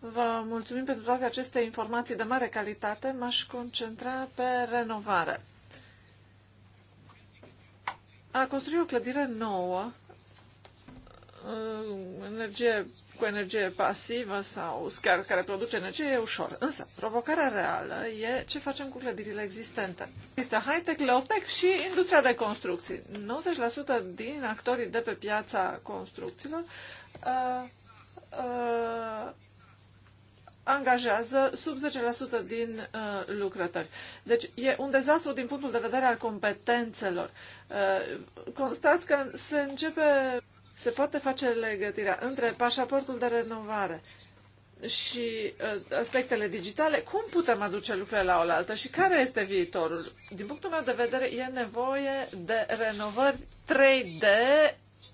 Vă mulțumim pentru toate aceste informații de mare calitate. M-aș concentra pe renovare. A construi o clădire nouă uh, energie, cu energie pasivă sau chiar care produce energie e ușor. Însă, provocarea reală e ce facem cu clădirile existente. Este high-tech, low-tech și industria de construcții. 90% din actorii de pe piața construcțiilor uh, uh, angajează sub 10% din uh, lucrători. Deci e un dezastru din punctul de vedere al competențelor. Uh, constat că se începe, se poate face legătirea între pașaportul de renovare și uh, aspectele digitale, cum putem aduce lucrurile la oaltă și care este viitorul? Din punctul meu de vedere, e nevoie de renovări 3D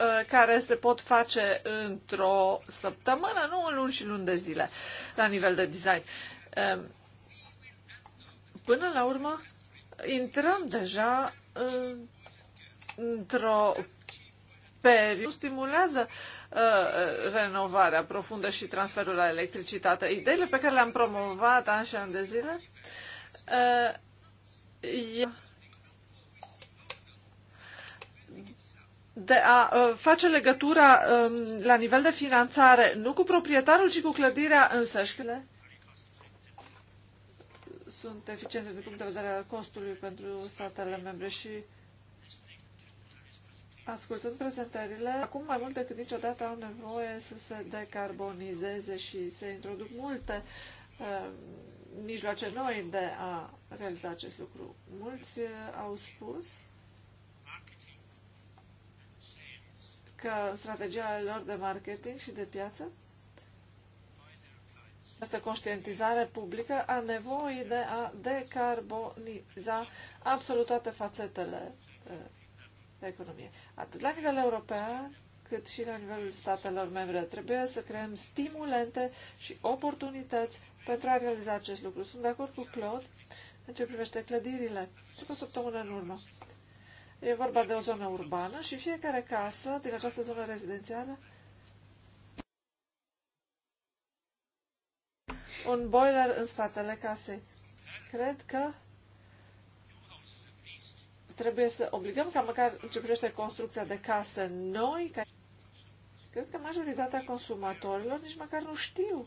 Uh, care se pot face într-o săptămână, nu în luni și luni de zile, la nivel de design. Um, până la urmă, intrăm deja într-o perioadă. Stimulează uh, renovarea profundă și transferul la electricitate. Ideile pe care le-am promovat ani și de zile, uh, e de a uh, face legătura um, la nivel de finanțare, nu cu proprietarul, ci cu clădirea însăși, sunt eficiente din punct de vedere al costului pentru statele membre și ascultând prezentările, acum mai mult decât niciodată au nevoie să se decarbonizeze și se introduc multe uh, mijloace noi de a realiza acest lucru. Mulți uh, au spus strategia lor de marketing și de piață? Această conștientizare publică a nevoie de a decarboniza absolut toate fațetele uh, economiei, atât la nivel european, cât și la nivelul statelor membre. Trebuie să creăm stimulente și oportunități pentru a realiza acest lucru. Sunt de acord cu Claude în ce privește clădirile. Cu o săptămână în urmă E vorba de o zonă urbană și fiecare casă din această zonă rezidențială un boiler în spatele casei. Cred că trebuie să obligăm ca măcar în ce privește construcția de case noi, ca... cred că majoritatea consumatorilor nici măcar nu știu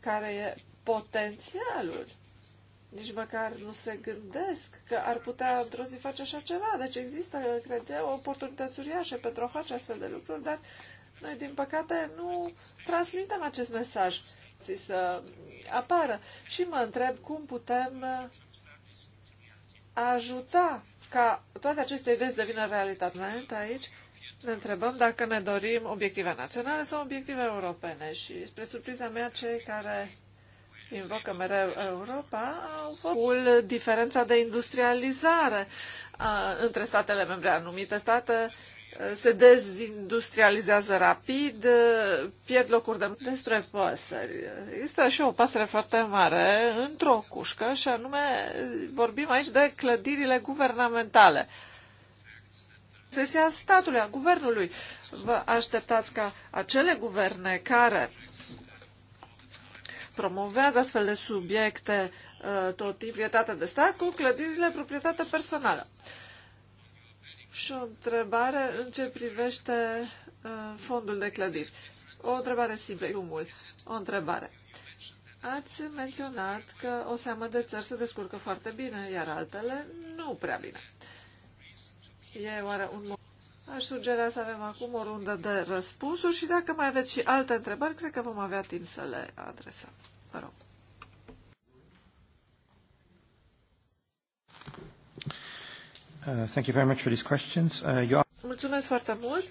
care e potențialul nici măcar nu se gândesc că ar putea într-o zi face așa ceva. Deci există, cred eu, oportunități uriașe pentru a face astfel de lucruri, dar noi, din păcate, nu transmitem acest mesaj ți să apară. Și mă întreb cum putem uh, ajuta ca toate aceste idei să devină realitate. Noi aici ne întrebăm dacă ne dorim obiective naționale sau obiective europene și, spre surpriza mea, cei care invocă mereu Europa au diferența de industrializare a, între statele membre. Anumite state se dezindustrializează rapid, pierd locuri de despre păsări. este și o pasăre foarte mare într-o cușcă și anume vorbim aici de clădirile guvernamentale. Sesia statului, a guvernului. Vă așteptați ca acele guverne care promovează astfel de subiecte uh, tot timp, de stat, cu clădirile proprietate personală. Și o întrebare în ce privește uh, fondul de clădiri. O întrebare simplă, umul. O întrebare. Ați menționat că o seamă de țări se descurcă foarte bine, iar altele nu prea bine. E oare un Aș sugera să avem acum o rundă de răspunsuri și dacă mai aveți și alte întrebări, cred că vom avea timp să le adresăm. Vă rog. Uh, uh, Mulțumesc foarte mult.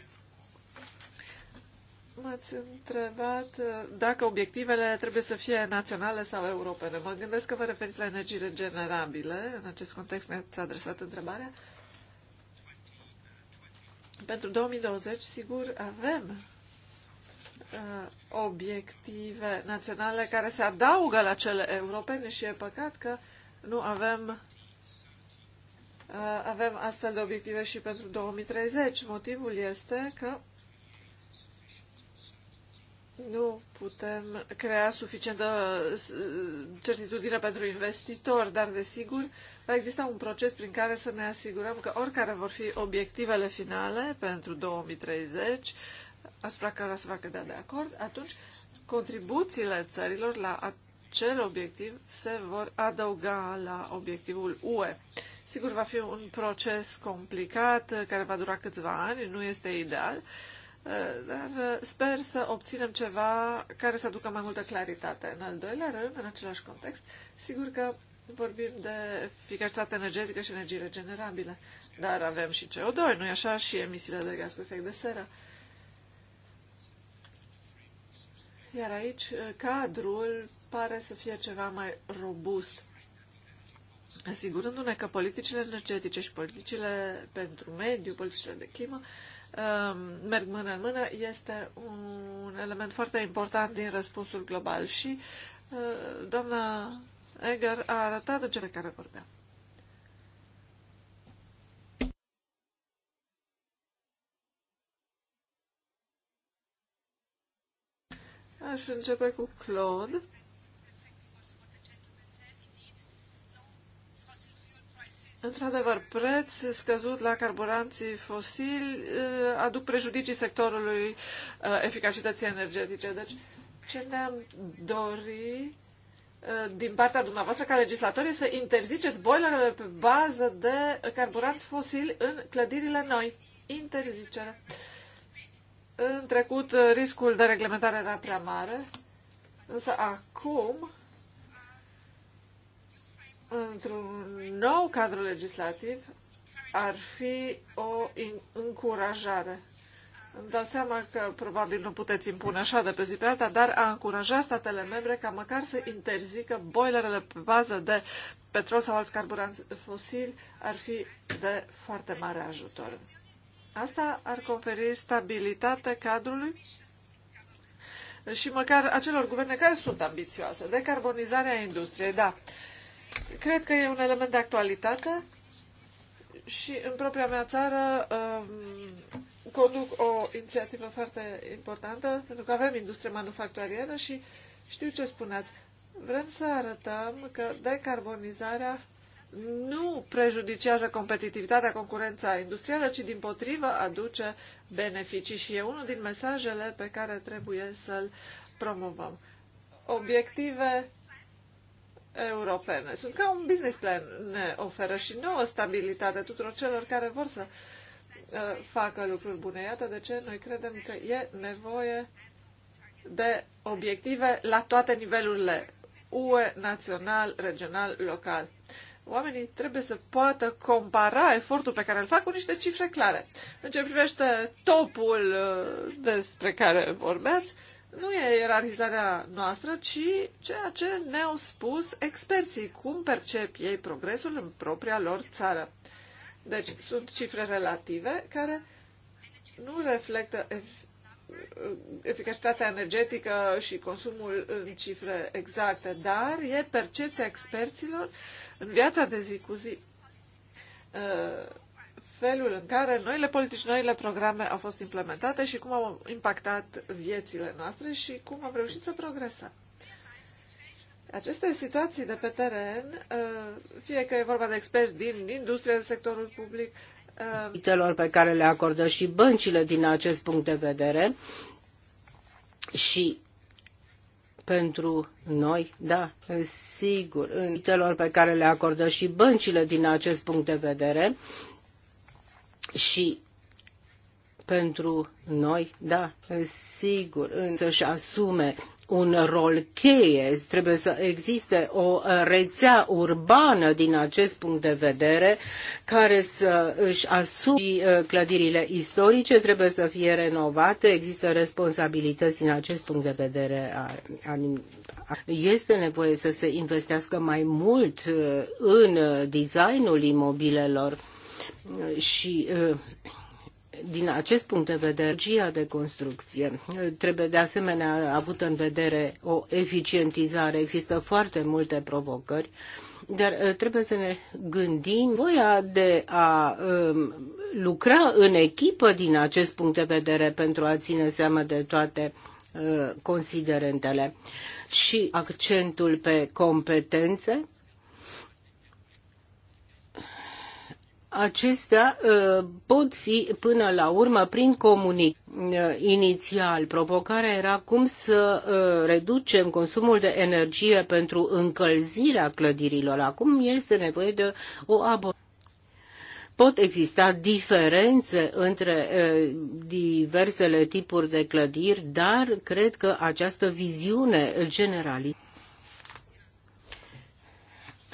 M-ați întrebat uh, dacă obiectivele trebuie să fie naționale sau europene. Mă gândesc că vă referiți la energii regenerabile. În acest context mi-ați adresat întrebarea. Uh, pentru 2020, sigur, avem uh, obiective naționale care se adaugă la cele europene și e păcat că nu avem uh, avem astfel de obiective și pentru 2030. Motivul este că nu putem crea suficientă uh, certitudine pentru investitori, dar desigur va exista un proces prin care să ne asigurăm că oricare vor fi obiectivele finale pentru 2030, asupra care se va cădea de acord, atunci contribuțiile țărilor la acel obiectiv se vor adăuga la obiectivul UE. Sigur, va fi un proces complicat care va dura câțiva ani, nu este ideal, dar sper să obținem ceva care să aducă mai multă claritate. În al doilea rând, în același context, sigur că vorbim de eficacitate energetică și energii regenerabile. Dar avem și CO2, nu-i așa? Și emisiile de gaz cu efect de seră. Iar aici uh, cadrul pare să fie ceva mai robust, asigurându-ne că politicile energetice și politicile pentru mediu, politicile de climă, um, merg mână în mână, este un element foarte important din răspunsul global. Și uh, doamna Edgar a arătat ce de care vorbea. Aș începe cu Claude. Într-adevăr, preț scăzut la carburanții fosili eh, aduc prejudicii sectorului eh, eficacității energetice. Deci, ce ne-am dorit Uh, din partea dumneavoastră ca este să interziceți boilerele pe bază de carburanți fosili în clădirile noi. Interzicere. În trecut, uh, riscul de reglementare era prea mare, însă acum, într-un nou cadru legislativ, ar fi o încurajare îmi dau seama că probabil nu puteți impune așa de pe zi pe alta, dar a încuraja statele membre ca măcar să interzică boilerele pe bază de petrol sau alți carburanți fosili ar fi de foarte mare ajutor. Asta ar conferi stabilitate cadrului și măcar acelor guverne care sunt ambițioase. Decarbonizarea industriei, da. Cred că e un element de actualitate și în propria mea țară um, conduc o inițiativă foarte importantă, pentru că avem industrie manufacturieră și știu ce spuneați. Vrem să arătăm că decarbonizarea nu prejudicează competitivitatea, concurența industrială, ci din potrivă aduce beneficii și e unul din mesajele pe care trebuie să-l promovăm. Obiective europene. Sunt ca un business plan, ne oferă și nouă stabilitate tuturor celor care vor să uh, facă lucruri bune. Iată de ce noi credem că e nevoie de obiective la toate nivelurile, UE, național, regional, local. Oamenii trebuie să poată compara efortul pe care îl fac cu niște cifre clare. În ce privește topul uh, despre care vorbeați, nu e ierarhizarea noastră, ci ceea ce ne-au spus experții, cum percep ei progresul în propria lor țară. Deci sunt cifre relative care nu reflectă eficacitatea energetică și consumul în cifre exacte, dar e percepția experților în viața de zi cu zi. Uh, felul în care noile politici, noile programe au fost implementate și cum au impactat viețile noastre și cum am reușit să progresăm. Aceste situații de pe teren, uh, fie că e vorba de experți din industria, de sectorul public, uh, Itelor pe care le acordă și băncile din acest punct de vedere și pentru noi, da, sigur, itelor pe care le acordă și băncile din acest punct de vedere și pentru noi, da, sigur, să-și asume un rol cheie, trebuie să existe o uh, rețea urbană din acest punct de vedere care să își asumi uh, clădirile istorice, trebuie să fie renovate, există responsabilități în acest punct de vedere. Este nevoie să se investească mai mult uh, în designul imobilelor și din acest punct de vedere, energia de construcție trebuie de asemenea avută în vedere o eficientizare. Există foarte multe provocări, dar uh, trebuie să ne gândim voia de a um, lucra în echipă din acest punct de vedere pentru a ține seama de toate uh, considerentele și accentul pe competențe acestea uh, pot fi până la urmă prin comunic uh, inițial. Provocarea era cum să uh, reducem consumul de energie pentru încălzirea clădirilor. Acum este nevoie de o abordare. Pot exista diferențe între diversele tipuri de clădiri, dar cred că această viziune generalistă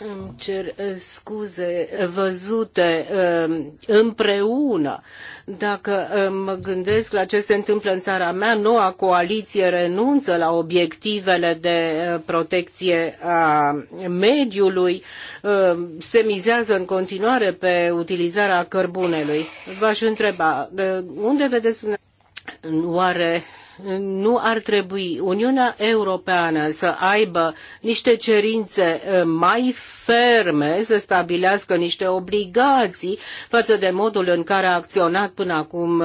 îmi cer eh, scuze, eh, văzute eh, împreună. Dacă mă gândesc la ce se întâmplă în țara mea, noua coaliție renunță la obiectivele de protecție a mediului, se mizează în continuare pe utilizarea cărbunelui. V-aș întreba, unde vedeți oare nu ar trebui Uniunea Europeană să aibă niște cerințe mai ferme, să stabilească niște obligații față de modul în care a acționat până acum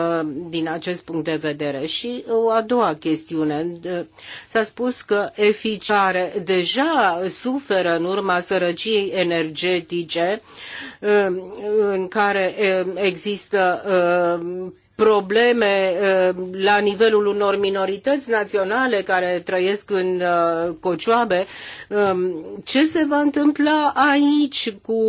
din acest punct de vedere. Și o a doua chestiune. S-a spus că eficare deja suferă în urma sărăciei energetice în care există probleme eh, la nivelul unor minorități naționale care trăiesc în eh, Cocioabe. Eh, ce se va întâmpla aici cu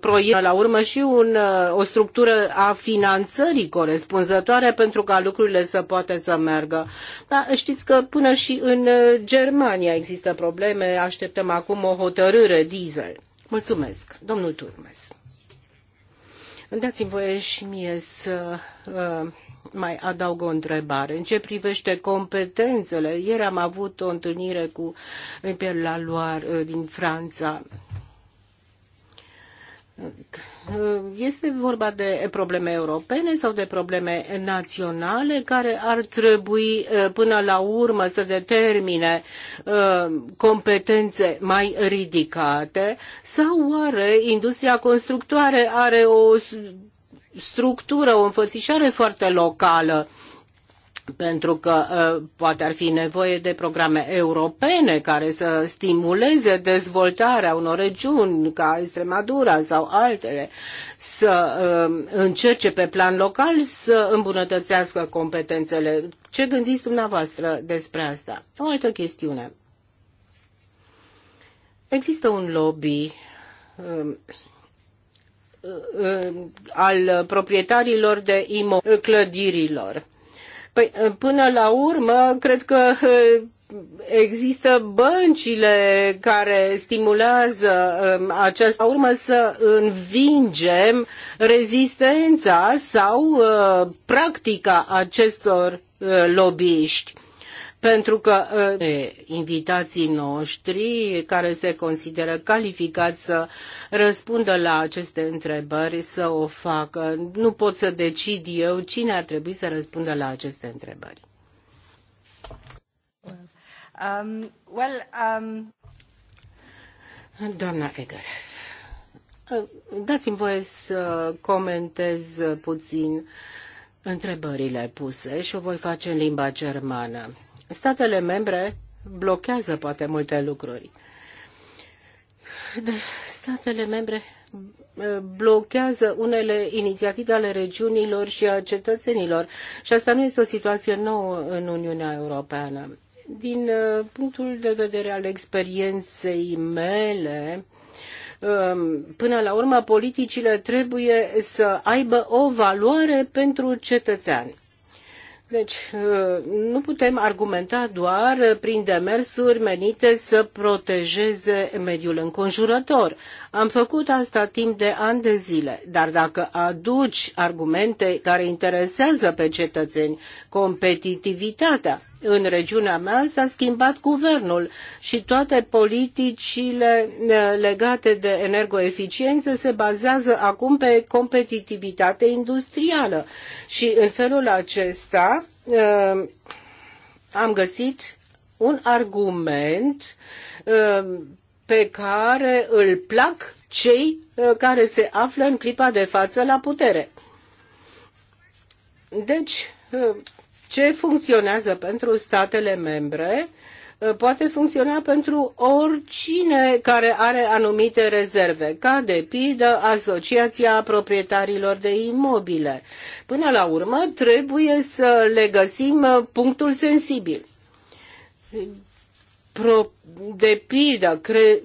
proiectul? La urmă și un, o structură a finanțării corespunzătoare pentru ca lucrurile să poată să meargă. Dar știți că până și în Germania există probleme. Așteptăm acum o hotărâre diesel. Mulțumesc, domnul Turmes. Dați-mi voie și mie să uh, mai adaug o întrebare. În ce privește competențele, ieri am avut o întâlnire cu Pierre Laloir uh, din Franța este vorba de probleme europene sau de probleme naționale care ar trebui eh, până la urmă să determine eh, competențe mai ridicate sau oare industria constructoare are o structură, o înfățișare foarte locală pentru că ă, poate ar fi nevoie de programe europene care să stimuleze dezvoltarea unor regiuni ca Extremadura sau altele, să ă, încerce pe plan local să îmbunătățească competențele. Ce gândiți dumneavoastră despre asta? O altă chestiune. Există un lobby ă, al proprietarilor de imo clădirilor Păi, eh, până la urmă, cred că eh, există băncile care stimulează eh, această la urmă să învingem rezistența sau practica acestor lobbyiști pentru că uh, invitații noștri care se consideră calificați să răspundă la aceste întrebări să o facă. Nu pot să decid eu cine ar trebui să răspundă la aceste întrebări. Um, well, um... Doamna Eger, uh, dați-mi voie să comentez puțin întrebările puse și o voi face în limba germană statele membre blochează poate multe lucruri. De statele membre uh, blochează unele inițiative ale regiunilor și a cetățenilor. Și asta nu este o situație nouă în Uniunea Europeană. Din uh, punctul de vedere al experienței mele, um, până la urmă politicile trebuie să aibă o valoare pentru cetățean. Deci uh, nu putem argumenta doar prin demersuri menite să protejeze mediul înconjurător. Am făcut asta timp de ani de zile, dar dacă aduci argumente care interesează pe cetățeni, competitivitatea, în regiunea mea s-a schimbat guvernul și toate politicile eh, legate de energoeficiență se bazează acum pe competitivitate industrială și în felul acesta eh, am găsit un argument eh, pe care îl plac cei care se află în clipa de față la putere. Deci, ce funcționează pentru statele membre uh, poate funcționa pentru oricine care are anumite rezerve, ca de pildă Asociația Proprietarilor de Imobile. Până la urmă, trebuie să le găsim uh, punctul sensibil. Pro, de pildă, cre,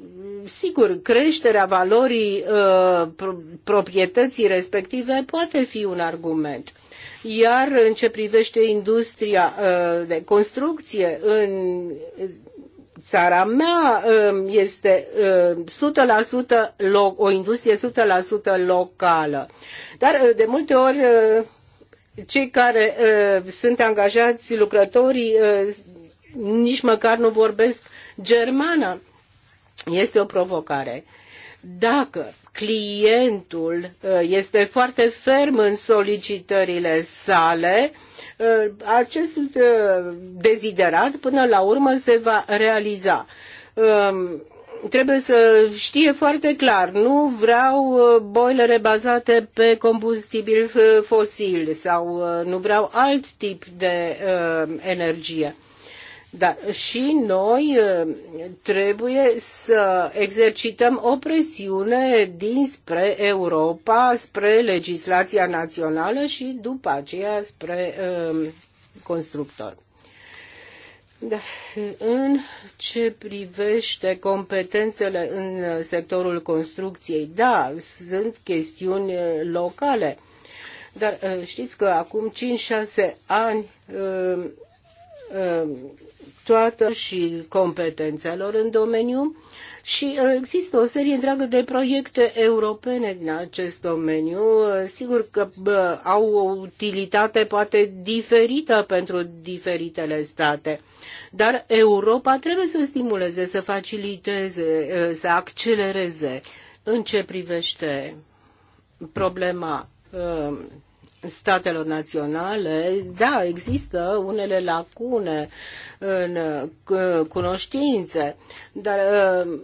sigur, creșterea valorii uh, proprietății respective poate fi un argument. Uh, iar în ce privește industria uh, de construcție în țara mea um, este 100% uh, loc, o industrie 100% locală. Dar uh, de multe ori cei care sunt angajați, lucrătorii, nici măcar nu vorbesc germană. Este o provocare. Dacă clientul uh, este foarte ferm în solicitările sale, uh, acest uh, deziderat până la urmă se va realiza. Um, trebuie să știe foarte clar, nu vreau boilere bazate pe combustibil fosil sau nu vreau alt tip de energie dar și noi uh, trebuie să exercităm o presiune dinspre Europa, spre legislația națională și după aceea spre uh, constructor. Da. Uh, în ce privește competențele în sectorul construcției, da, sunt chestiuni locale. Dar știți că acum 5-6 ani Um, toată și competențelor în domeniu și uh, există o serie întreagă de proiecte europene din acest domeniu. Uh, sigur că bă, au o utilitate poate diferită pentru diferitele state, dar Europa trebuie să stimuleze, să faciliteze, uh, să accelereze în ce privește problema statelor naționale, da, există unele lacune în uh, cunoștințe, dar uh,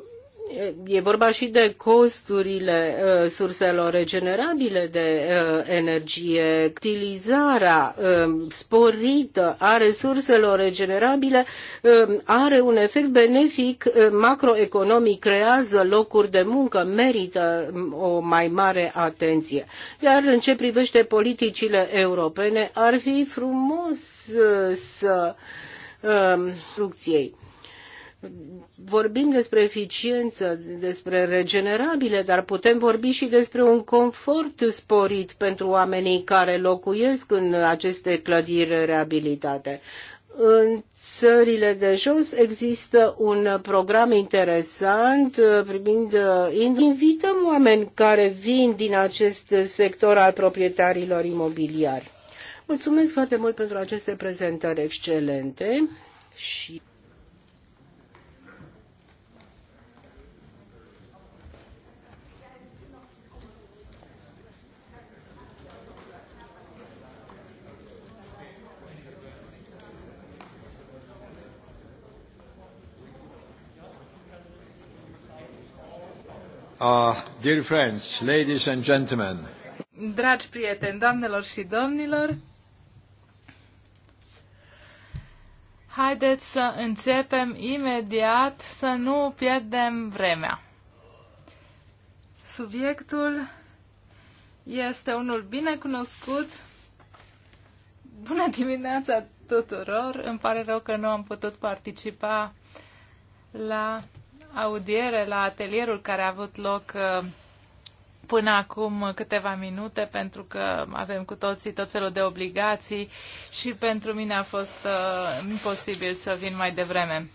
E vorba și de costurile uh, surselor regenerabile de uh, energie, utilizarea um, sporită a resurselor regenerabile um, are un efect benefic uh, macroeconomic, creează locuri de muncă, merită um, o mai mare atenție. Iar în ce privește politicile europene, ar fi frumos să Um, Vorbim despre eficiență, despre regenerabile, dar putem vorbi și despre un confort sporit pentru oamenii care locuiesc în aceste clădiri reabilitate. În țările de jos există un program interesant uh, privind uh, invităm oameni care vin din acest sector al proprietarilor imobiliari. Mulțumesc foarte mult pentru aceste prezentări excelente și Ah, dear friends, ladies and gentlemen. Dragi prieteni, doamnelor și domnilor, haideți să începem imediat să nu pierdem vremea. Subiectul este unul bine cunoscut. Bună dimineața tuturor! Îmi pare rău că nu am putut participa la audiere la atelierul care a avut loc uh, până acum câteva minute pentru că avem cu toții tot felul de obligații și pentru mine a fost uh, imposibil să vin mai devreme.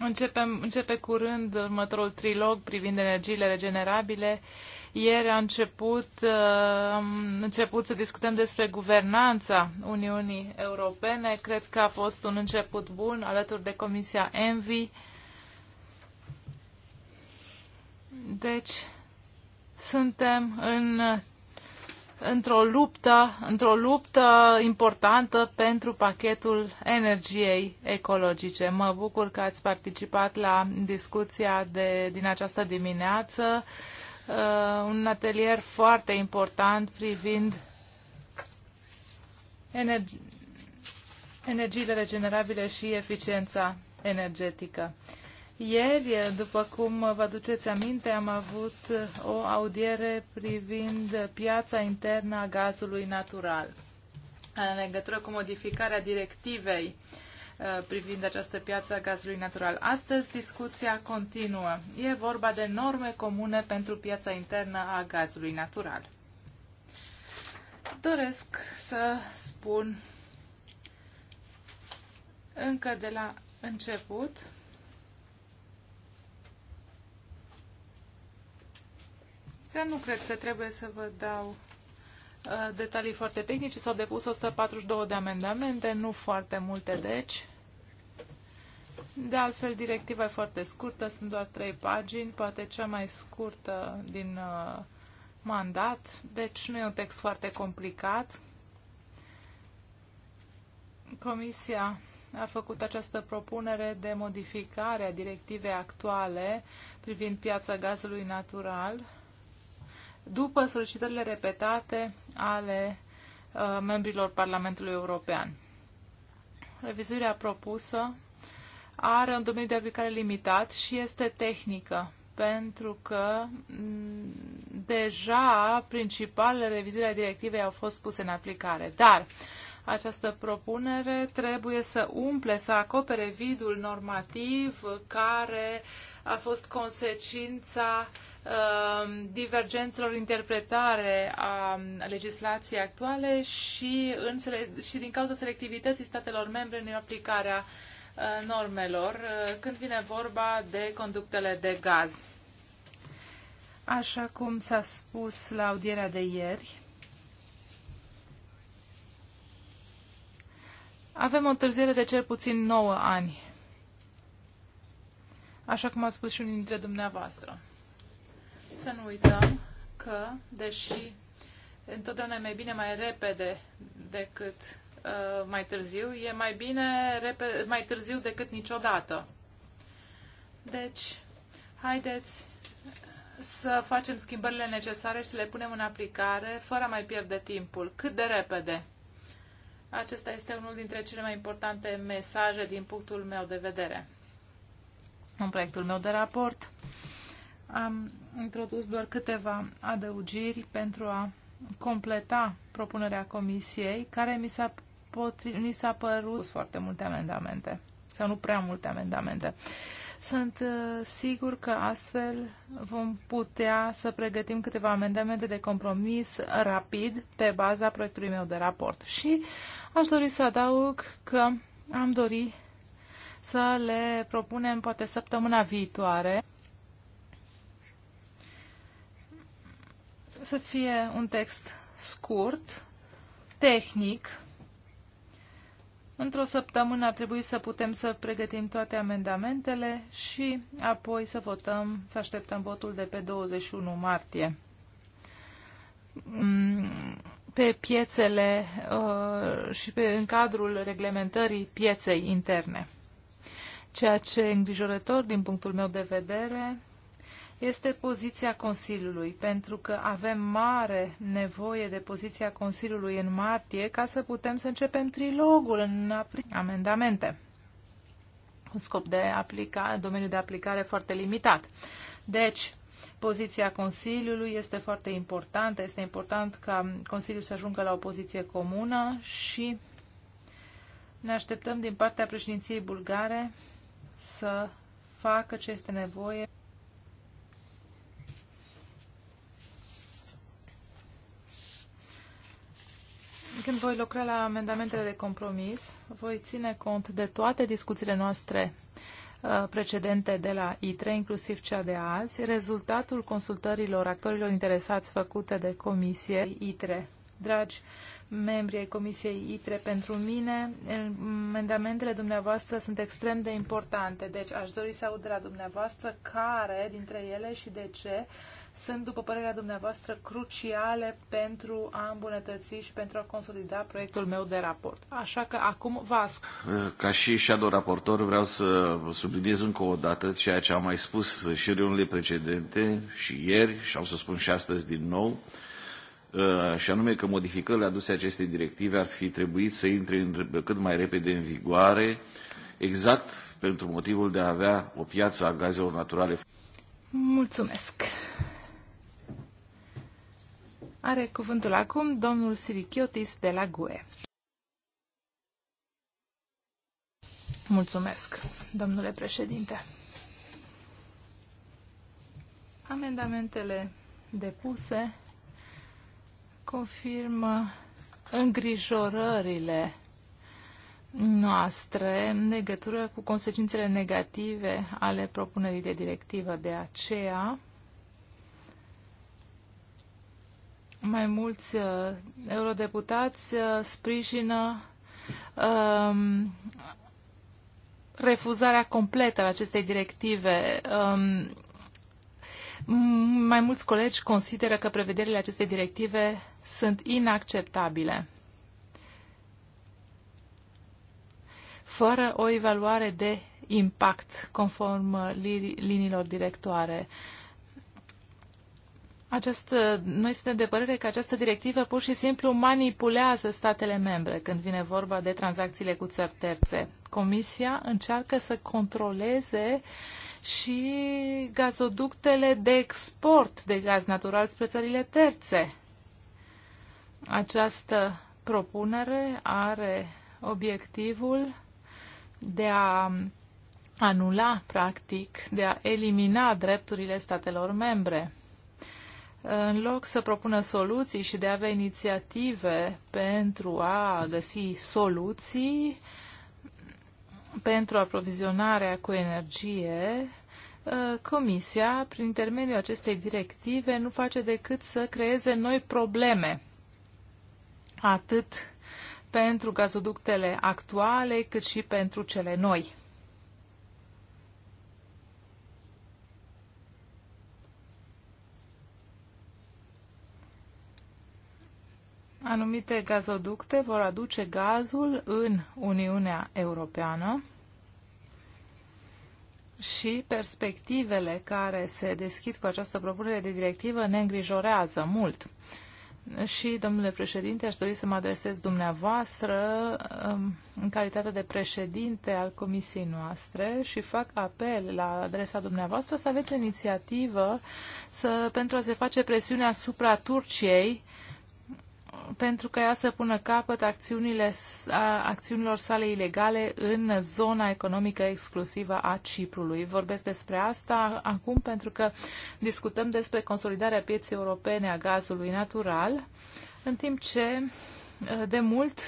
Începem, începe curând următorul trilog privind energiile regenerabile. Uh, ieri a început, uh, început să discutăm despre guvernanța Uniunii Europene. Cred că a fost un început bun alături de Comisia Envi. Deci, suntem în, într-o luptă, într-o luptă importantă pentru pachetul energiei ecologice. Mă bucur că ați participat la discuția de, din această dimineață. Uh, un atelier foarte important privind energi energiile regenerabile și eficiența energetică. Ieri, după cum vă duceți aminte, am avut o audiere privind piața internă a gazului natural în legătură cu modificarea directivei uh, Uh, privind această piață a gazului natural. Astăzi discuția continuă. E vorba de norme comune pentru piața internă a gazului natural. Doresc să spun încă de la început că nu cred că trebuie să vă dau Uh, detalii foarte tehnice. S-au depus 142 de amendamente, nu foarte multe, deci. De altfel, directiva e foarte scurtă, sunt doar trei pagini, poate cea mai scurtă din uh, mandat, deci nu e un text foarte complicat. Comisia a făcut această propunere de modificare a directivei actuale privind piața gazului natural după solicitările repetate ale uh, membrilor Parlamentului European. Revizuirea propusă are un domeniu de aplicare limitat și este tehnică, pentru că mm, deja principalele revizuiri a directivei au fost puse în aplicare. Dar această propunere trebuie să umple, să acopere vidul normativ care uh, a fost consecința um, divergențelor interpretare a um, legislației actuale și, în, și din cauza selectivității statelor membre în aplicarea uh, normelor uh, când vine vorba de conductele de gaz. Așa cum s-a spus la audierea de ieri, avem o întârziere de cel puțin 9 ani așa cum a spus și unii dintre dumneavoastră. Să nu uităm că, deși întotdeauna e mai bine mai repede decât uh, mai târziu, e mai bine repede, mai târziu decât niciodată. Deci, haideți să facem schimbările necesare și să le punem în aplicare fără a mai pierde timpul, cât de repede. Acesta este unul dintre cele mai importante mesaje din punctul meu de vedere în proiectul meu de raport. Am introdus doar câteva adăugiri pentru a completa propunerea comisiei, care mi s-a, potri- mi s-a părut foarte multe amendamente, sau nu prea multe amendamente. Sunt uh, sigur că astfel vom putea să pregătim câteva amendamente de compromis rapid pe baza proiectului meu de raport. Și aș dori să adaug că am dorit să le propunem poate săptămâna viitoare. Să fie un text scurt, tehnic. Într-o săptămână ar trebui să putem să pregătim toate amendamentele și apoi să votăm, să așteptăm votul de pe 21 martie. Mm, pe piețele uh, și pe, în cadrul reglementării pieței interne. Ceea ce e îngrijorător din punctul meu de vedere este poziția Consiliului, pentru că avem mare nevoie de poziția Consiliului în martie ca să putem să începem trilogul în amendamente. Un scop de aplicare, domeniu de aplicare foarte limitat. Deci, poziția Consiliului este foarte importantă. Este important ca Consiliul să ajungă la o poziție comună și ne așteptăm din partea președinției bulgare să facă ce este nevoie. Când voi lucra la amendamentele de compromis, voi ține cont de toate discuțiile noastre uh, precedente de la ITRE, inclusiv cea de azi, rezultatul consultărilor actorilor interesați făcute de comisie ITRE. Dragi membri ai Comisiei ITRE pentru mine. Amendamentele dumneavoastră sunt extrem de importante, deci aș dori să aud de la dumneavoastră care dintre ele și de ce sunt, după părerea dumneavoastră, cruciale pentru a îmbunătăți și pentru a consolida proiectul meu de raport. Așa că acum vă ascult. Ca și shadow raportor vreau să subliniez încă o dată ceea ce am mai spus și reunile precedente și ieri și am să spun și astăzi din nou Uh, și anume că modificările aduse acestei directive ar fi trebuit să intre cât mai repede în vigoare, exact pentru motivul de a avea o piață a gazelor naturale. Mulțumesc! Are cuvântul acum domnul Sirichiotis de la GUE. Mulțumesc, domnule președinte. Amendamentele depuse confirmă îngrijorările noastre în legătură cu consecințele negative ale propunerii de directivă. De aceea, mai mulți uh, eurodeputați uh, sprijină uh, refuzarea completă a acestei directive. Uh, mai mulți colegi consideră că prevederile acestei directive sunt inacceptabile. Fără o evaluare de impact conform liniilor directoare. Această, noi suntem de părere că această directivă pur și simplu manipulează statele membre când vine vorba de tranzacțiile cu țări terțe. Comisia încearcă să controleze și gazoductele de export de gaz natural spre țările terțe. Această propunere are obiectivul de a anula, practic, de a elimina drepturile statelor membre. În loc să propună soluții și de a avea inițiative pentru a găsi soluții, pentru aprovizionarea cu energie, uh, Comisia, prin intermediul acestei directive, nu face decât să creeze noi probleme, atât pentru gazoductele actuale, cât și pentru cele noi. anumite gazoducte vor aduce gazul în Uniunea Europeană și perspectivele care se deschid cu această propunere de directivă ne îngrijorează mult. Și, domnule președinte, aș dori să mă adresez dumneavoastră um, în calitate de președinte al comisiei noastre și fac apel la adresa dumneavoastră să aveți o inițiativă să, pentru a se face presiune asupra Turciei pentru că ea să pună capăt acțiunile, acțiunilor sale ilegale în zona economică exclusivă a Ciprului. Vorbesc despre asta acum pentru că discutăm despre consolidarea pieței europene a gazului natural, în timp ce de mult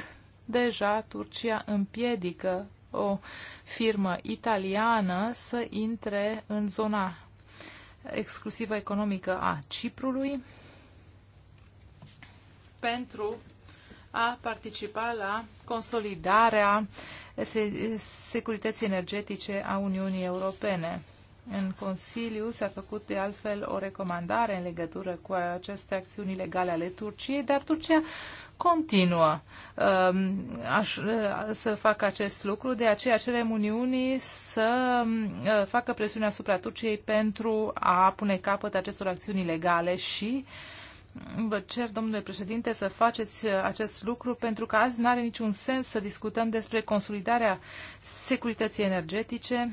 deja Turcia împiedică o firmă italiană să intre în zona exclusivă economică a Ciprului, pentru a participa la consolidarea securității energetice a Uniunii Europene. În Consiliu s-a făcut de altfel o recomandare în legătură cu aceste acțiuni legale ale Turciei, dar Turcia continuă um, aș, uh, să facă acest lucru, de aceea cerem Uniunii să um, uh, facă presiune asupra Turciei pentru a pune capăt acestor acțiuni legale și uh, Vă cer, domnule președinte, să faceți acest lucru pentru că azi nu are niciun sens să discutăm despre consolidarea securității energetice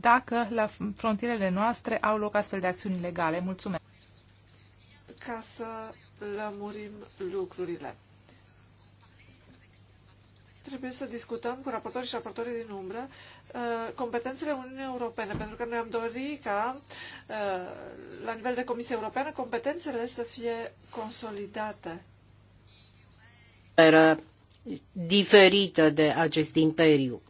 dacă la frontierele noastre au loc astfel de acțiuni ilegale. Mulțumesc! Ca să lămurim lucrurile trebuie să discutăm cu raportorii și raportorii din umbră uh, competențele Uniunii Europene, pentru că ne-am dorit ca, uh, la nivel de Comisie Europeană, competențele să fie consolidate. Era diferită de acest imperiu.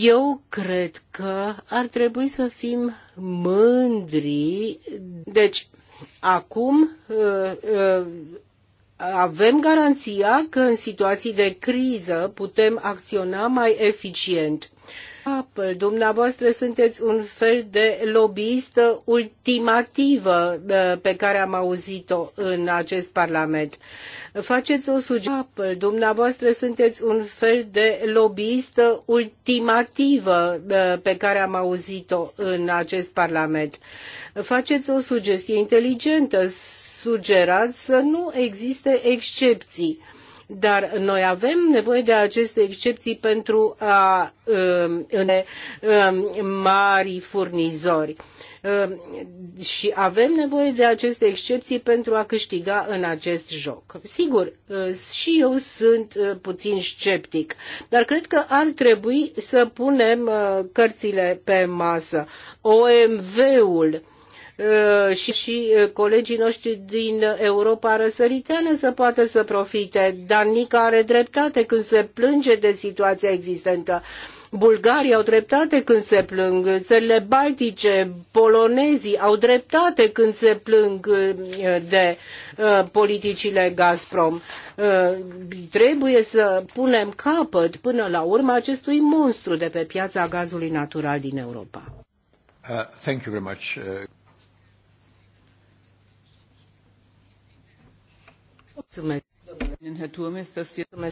Eu cred că ar trebui să fim mândri. Deci, acum uh, avem garanția că în situații de criză putem acționa mai eficient. Apple. Dumneavoastră sunteți un fel de lobbyistă ultimativă pe care am auzit-o în acest Parlament. Faceți o sugestie. Apple. Dumneavoastră sunteți un fel de lobbyistă ultimativă pe care am auzit-o în acest Parlament. Faceți o sugestie inteligentă. Sugerați să nu existe excepții dar noi avem nevoie de aceste excepții pentru a în um, um, mari furnizori. Um, și avem nevoie de aceste excepții pentru a câștiga în acest joc. Sigur, uh, și eu sunt uh, puțin sceptic, dar cred că ar trebui să punem uh, cărțile pe masă. OMV-ul Uh, și, și uh, colegii noștri din Europa răsăritene să poată să profite. Nica are dreptate când se plânge de situația existentă. Bulgarii au dreptate când se plâng, țările baltice, polonezii au dreptate când se plâng uh, de politicile Gazprom. trebuie să punem capăt până la urmă acestui monstru de pe piața gazului natural din Europa. Uh,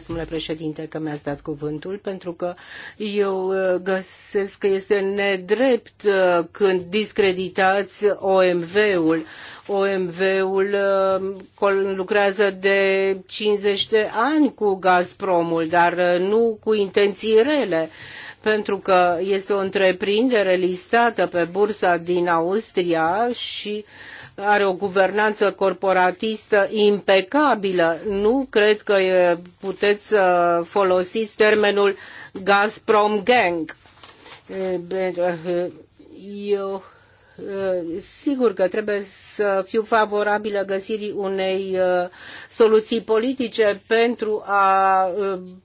domnule președinte, că mi-ați dat cuvântul, pentru că eu uh, găsesc că este nedrept uh, când discreditați OMV-ul. OMV-ul uh, lucrează de 50 de ani cu Gazpromul, dar nu cu intenții rele pentru că este o întreprindere listată pe bursa din Austria și uh, are o guvernanță corporatistă impecabilă. Nu cred că puteți să uh, folosiți termenul Gazprom Gang. Uh, eu uh, sigur că trebuie să fiu favorabilă găsirii unei soluții politice pentru a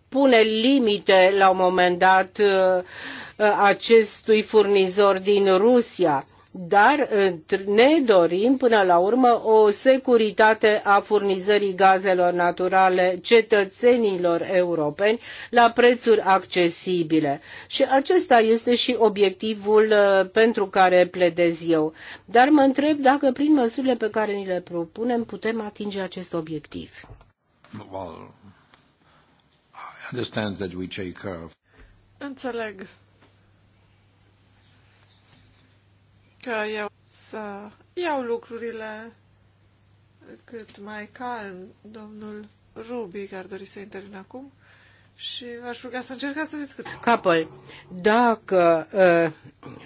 pune limite la un moment dat acestui furnizor din Rusia dar uh, ne dorim până la urmă o securitate a furnizării gazelor naturale cetățenilor europeni la prețuri accesibile. Și acesta este și obiectivul uh, pentru care pledez eu. Dar mă întreb dacă prin măsurile pe care ni le propunem putem atinge acest obiectiv. Well, I understand that we take care of... Înțeleg că eu să iau lucrurile cât mai calm. Domnul Rubi, care dori să intervină acum, și v-aș ruga să încercați să vedeți cât... Capăl, dacă uh,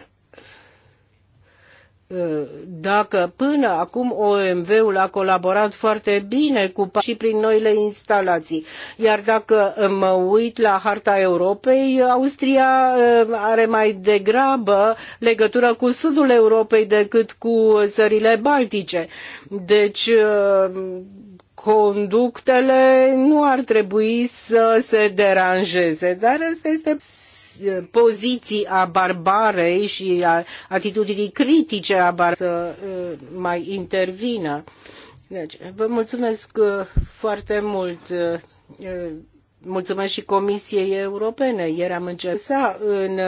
dacă până acum OMV-ul a colaborat foarte bine cu și prin noile instalații, iar dacă mă uit la harta Europei, Austria eh, are mai degrabă legătură cu sudul Europei decât cu țările baltice. Deci eh, conductele nu ar trebui să se deranjeze, dar asta este poziții a barbarei și a atitudinii critice a barbarei să uh, mai intervină. Deci, vă mulțumesc uh, foarte mult. Uh, mulțumesc și Comisiei Europene. Ieri am încercat în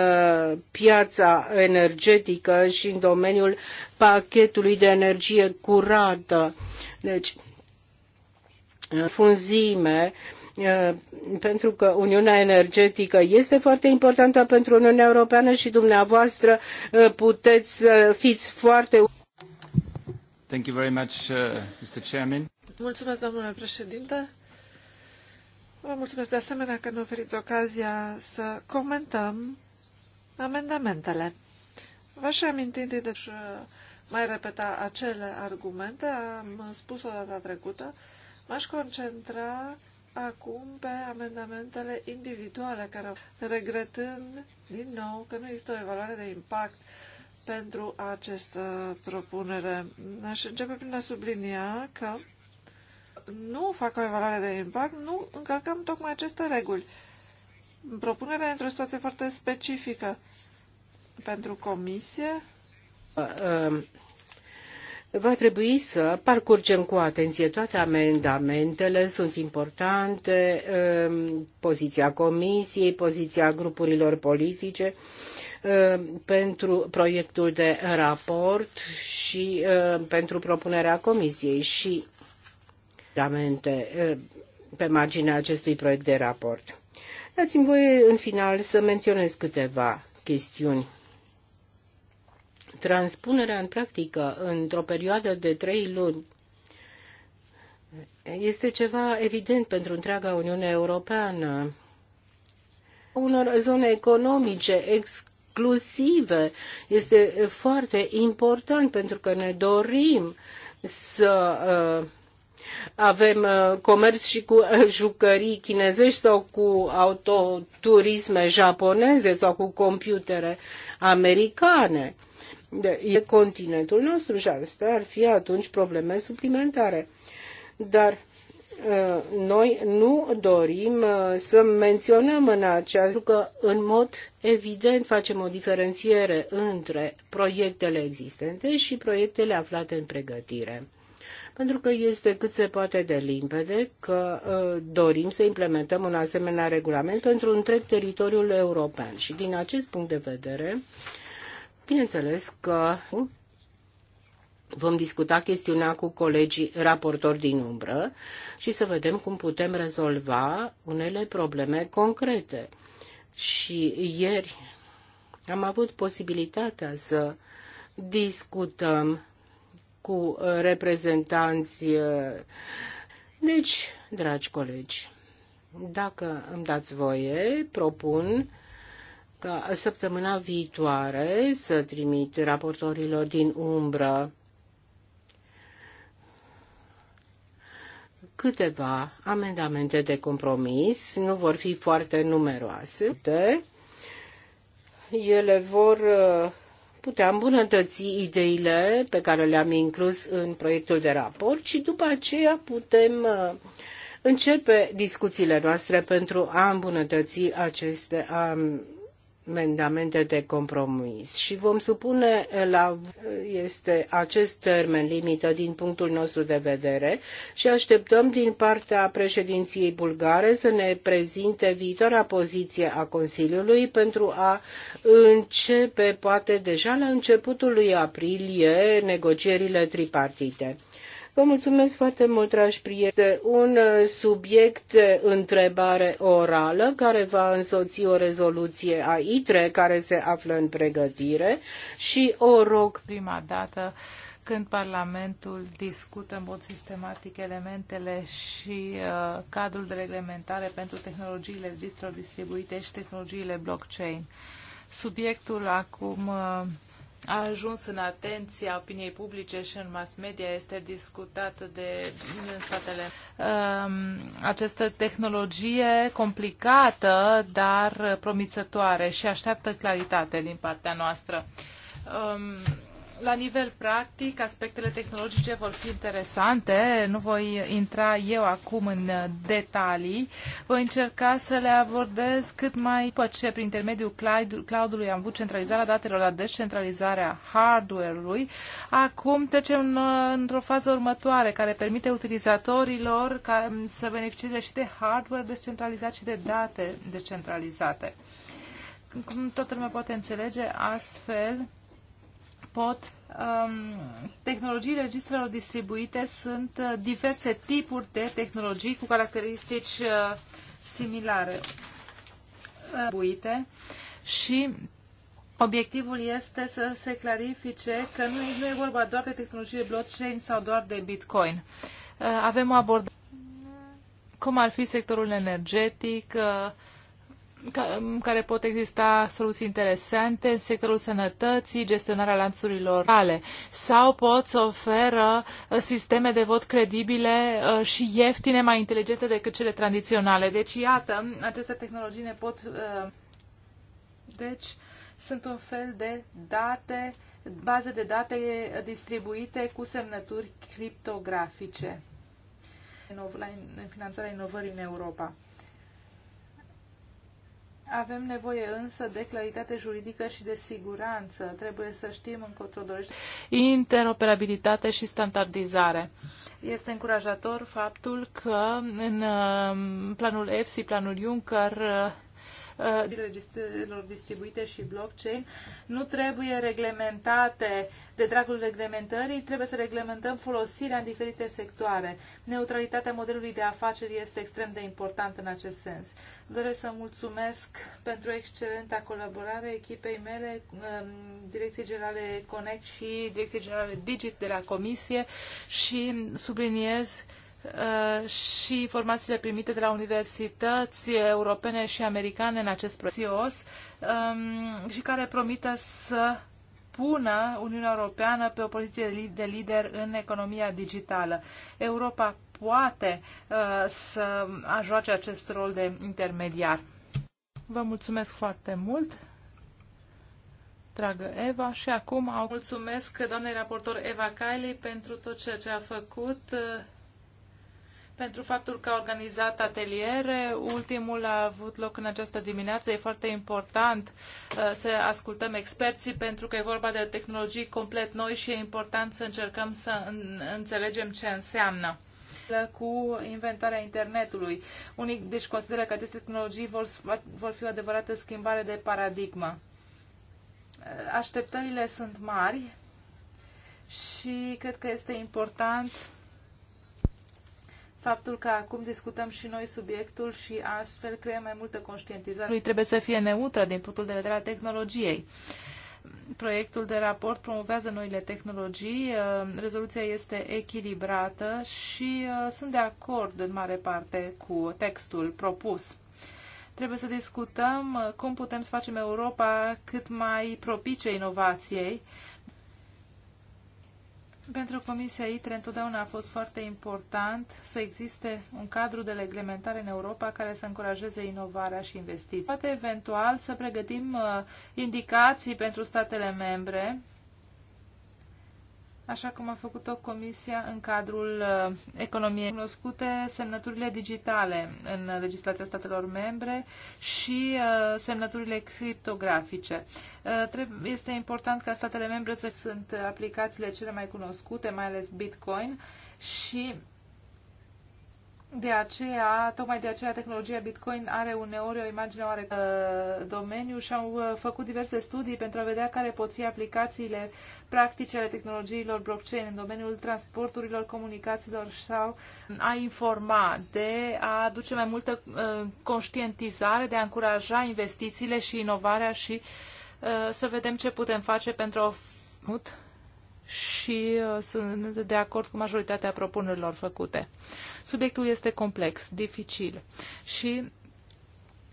piața energetică și în domeniul pachetului de energie curată. Deci, funzime Uh, pentru că Uniunea Energetică este foarte importantă pentru Uniunea Europeană și dumneavoastră uh, puteți să uh, fiți foarte. Thank you very much, uh, Mr. Chairman. Mulțumesc, domnule președinte. Vă mulțumesc de asemenea că ne oferiți ocazia să comentăm amendamentele. V-aș aminti întâi, deci mai repeta acele argumente, am spus-o data trecută, m-aș concentra acum pe amendamentele individuale, care regretând din nou că nu există o evaluare de impact pentru această propunere. Aș începe prin a sublinia că nu fac o evaluare de impact, nu încălcăm tocmai aceste reguli. Propunerea într-o situație foarte specifică pentru comisie. Uh, um, Va trebui să parcurgem cu atenție toate amendamentele, sunt importante, um, poziția comisiei, poziția grupurilor politice um, pentru proiectul de raport și um, pentru propunerea comisiei și amendamente pe marginea acestui proiect de raport. Dați-mi voie în final să menționez câteva chestiuni Transpunerea în practică într-o perioadă de trei luni este ceva evident pentru întreaga Uniune Europeană. Unor zone economice exclusive este foarte important pentru că ne dorim să uh, avem uh, comerț și cu uh, jucării chinezești sau cu autoturisme japoneze sau cu computere americane de, e continentul nostru și asta ar fi atunci probleme suplimentare. Dar uh, noi nu dorim uh, să menționăm în acest pentru că în mod evident facem o diferențiere între proiectele existente și proiectele aflate în pregătire. Pentru că este cât se poate de limpede că uh, dorim să implementăm un asemenea regulament pentru întreg teritoriul european și din acest punct de vedere Bineînțeles că vom discuta chestiunea cu colegii raportori din umbră și să vedem cum putem rezolva unele probleme concrete. Și ieri am avut posibilitatea să discutăm cu reprezentanți. Deci, dragi colegi, dacă îmi dați voie, propun ca săptămâna viitoare să trimit raportorilor din umbră câteva amendamente de compromis, nu vor fi foarte numeroase. ele vor uh, putea îmbunătăți ideile pe care le-am inclus în proiectul de raport și după aceea putem uh, începe discuțiile noastre pentru a îmbunătăți aceste amendamente de compromis și vom supune la este acest termen limită din punctul nostru de vedere și așteptăm din partea președinției bulgare să ne prezinte viitoarea poziție a Consiliului pentru a începe poate deja la începutul lui aprilie negocierile tripartite. Vă mulțumesc foarte mult, dragi prieteni. Este un uh, subiect de întrebare orală care va însoți o rezoluție a ITRE care se află în pregătire și o rog prima dată când Parlamentul discută în mod sistematic elementele și uh, cadrul de reglementare pentru tehnologiile registrelor distribuite și tehnologiile blockchain. Subiectul acum uh, a ajuns în atenția opiniei publice și în mass media, este discutată de în statele. Această tehnologie complicată, dar promițătoare și așteaptă claritate din partea noastră. La nivel practic, aspectele tehnologice vor fi interesante. Nu voi intra eu acum în uh, detalii. Voi încerca să le abordez cât mai după ce, prin intermediul cloud-ului, am avut centralizarea datelor la descentralizarea hardware-ului. Acum trecem uh, într-o fază următoare care permite utilizatorilor ca um, să beneficieze și de hardware descentralizat și de date descentralizate. Cum toată lumea poate înțelege, astfel pot. Um, tehnologiile registrelor distribuite sunt uh, diverse tipuri de tehnologii cu caracteristici uh, similare distribuite și obiectivul este să se clarifice că nu e, nu e vorba doar de tehnologie blockchain sau doar de Bitcoin. Uh, avem o abordare cum ar fi sectorul energetic, care pot exista soluții interesante în sectorul sănătății, gestionarea lanțurilor ale sau pot să oferă uh, sisteme de vot credibile uh, și ieftine, mai inteligente decât cele tradiționale. Deci, iată, aceste tehnologii ne pot... Uh, deci, sunt un fel de date, baze de date distribuite cu semnături criptografice la finanțarea inovării în Europa. Avem nevoie însă de claritate juridică și de siguranță. Trebuie să știm încotro dorește. Interoperabilitate și standardizare. Este încurajator faptul că în uh, planul EFSI, planul Juncker, uh, Uh, registrelor distribuite și blockchain nu trebuie reglementate de dragul reglementării, trebuie să reglementăm folosirea în diferite sectoare. Neutralitatea modelului de afaceri este extrem de importantă în acest sens. Doresc să mulțumesc pentru excelenta colaborare echipei mele, um, Direcției Generale Connect și Direcției Generale Digit de la Comisie și subliniez Uh, și informațiile primite de la universități europene și americane în acest proces um, și care promită să pună Uniunea Europeană pe o poziție de lider în economia digitală. Europa poate uh, să ajoace acest rol de intermediar. Vă mulțumesc foarte mult, dragă Eva, și acum au... mulțumesc doamnei raportor Eva Kiley pentru tot ceea ce a făcut uh, pentru faptul că a organizat ateliere. Ultimul a avut loc în această dimineață. E foarte important uh, să ascultăm experții pentru că e vorba de tehnologii complet noi și e important să încercăm să înțelegem ce înseamnă cu inventarea internetului. Unii deci consideră că aceste tehnologii vor, vor fi o adevărată schimbare de paradigmă. Uh, așteptările sunt mari și cred că este important faptul că acum discutăm și noi subiectul și astfel creăm mai multă conștientizare. Lui trebuie să fie neutră din punctul de vedere al tehnologiei. Proiectul de raport promovează noile tehnologii, uh, rezoluția este echilibrată și uh, sunt de acord în mare parte cu textul propus trebuie să discutăm uh, cum putem să facem Europa cât mai propice inovației pentru Comisia ITRE întotdeauna a fost foarte important să existe un cadru de reglementare în Europa care să încurajeze inovarea și investiții. Poate eventual să pregătim uh, indicații pentru statele membre așa cum a făcut-o Comisia în cadrul uh, economiei cunoscute, semnăturile digitale în legislația statelor membre și uh, semnăturile criptografice. Uh, este important ca statele membre să sunt aplicațiile cele mai cunoscute, mai ales Bitcoin, și de aceea, tocmai de aceea, tehnologia Bitcoin are uneori o imagine oare domeniu și au uh, făcut diverse studii pentru a vedea care pot fi aplicațiile practice ale tehnologiilor blockchain în domeniul transporturilor, comunicațiilor sau a informa, de a aduce mai multă uh, conștientizare, de a încuraja investițiile și inovarea și uh, să vedem ce putem face pentru a și sunt de acord cu majoritatea propunerilor făcute. Subiectul este complex, dificil și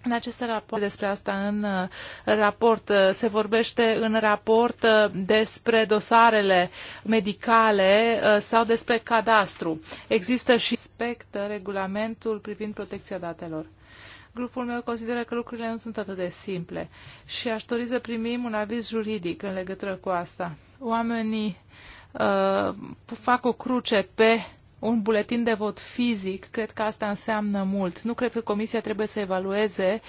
în aceste rapoarte despre asta în uh, raport uh, se vorbește în raport uh, despre dosarele medicale sau despre cadastru. Există și respectă regulamentul privind protecția datelor. Grupul meu consideră că lucrurile nu sunt atât de simple și aș dori să primim un aviz juridic în legătură cu asta. Oamenii uh, fac o cruce pe uh, un buletin de vot fizic, cred că asta înseamnă mult. Nu cred că Comisia trebuie să evalueze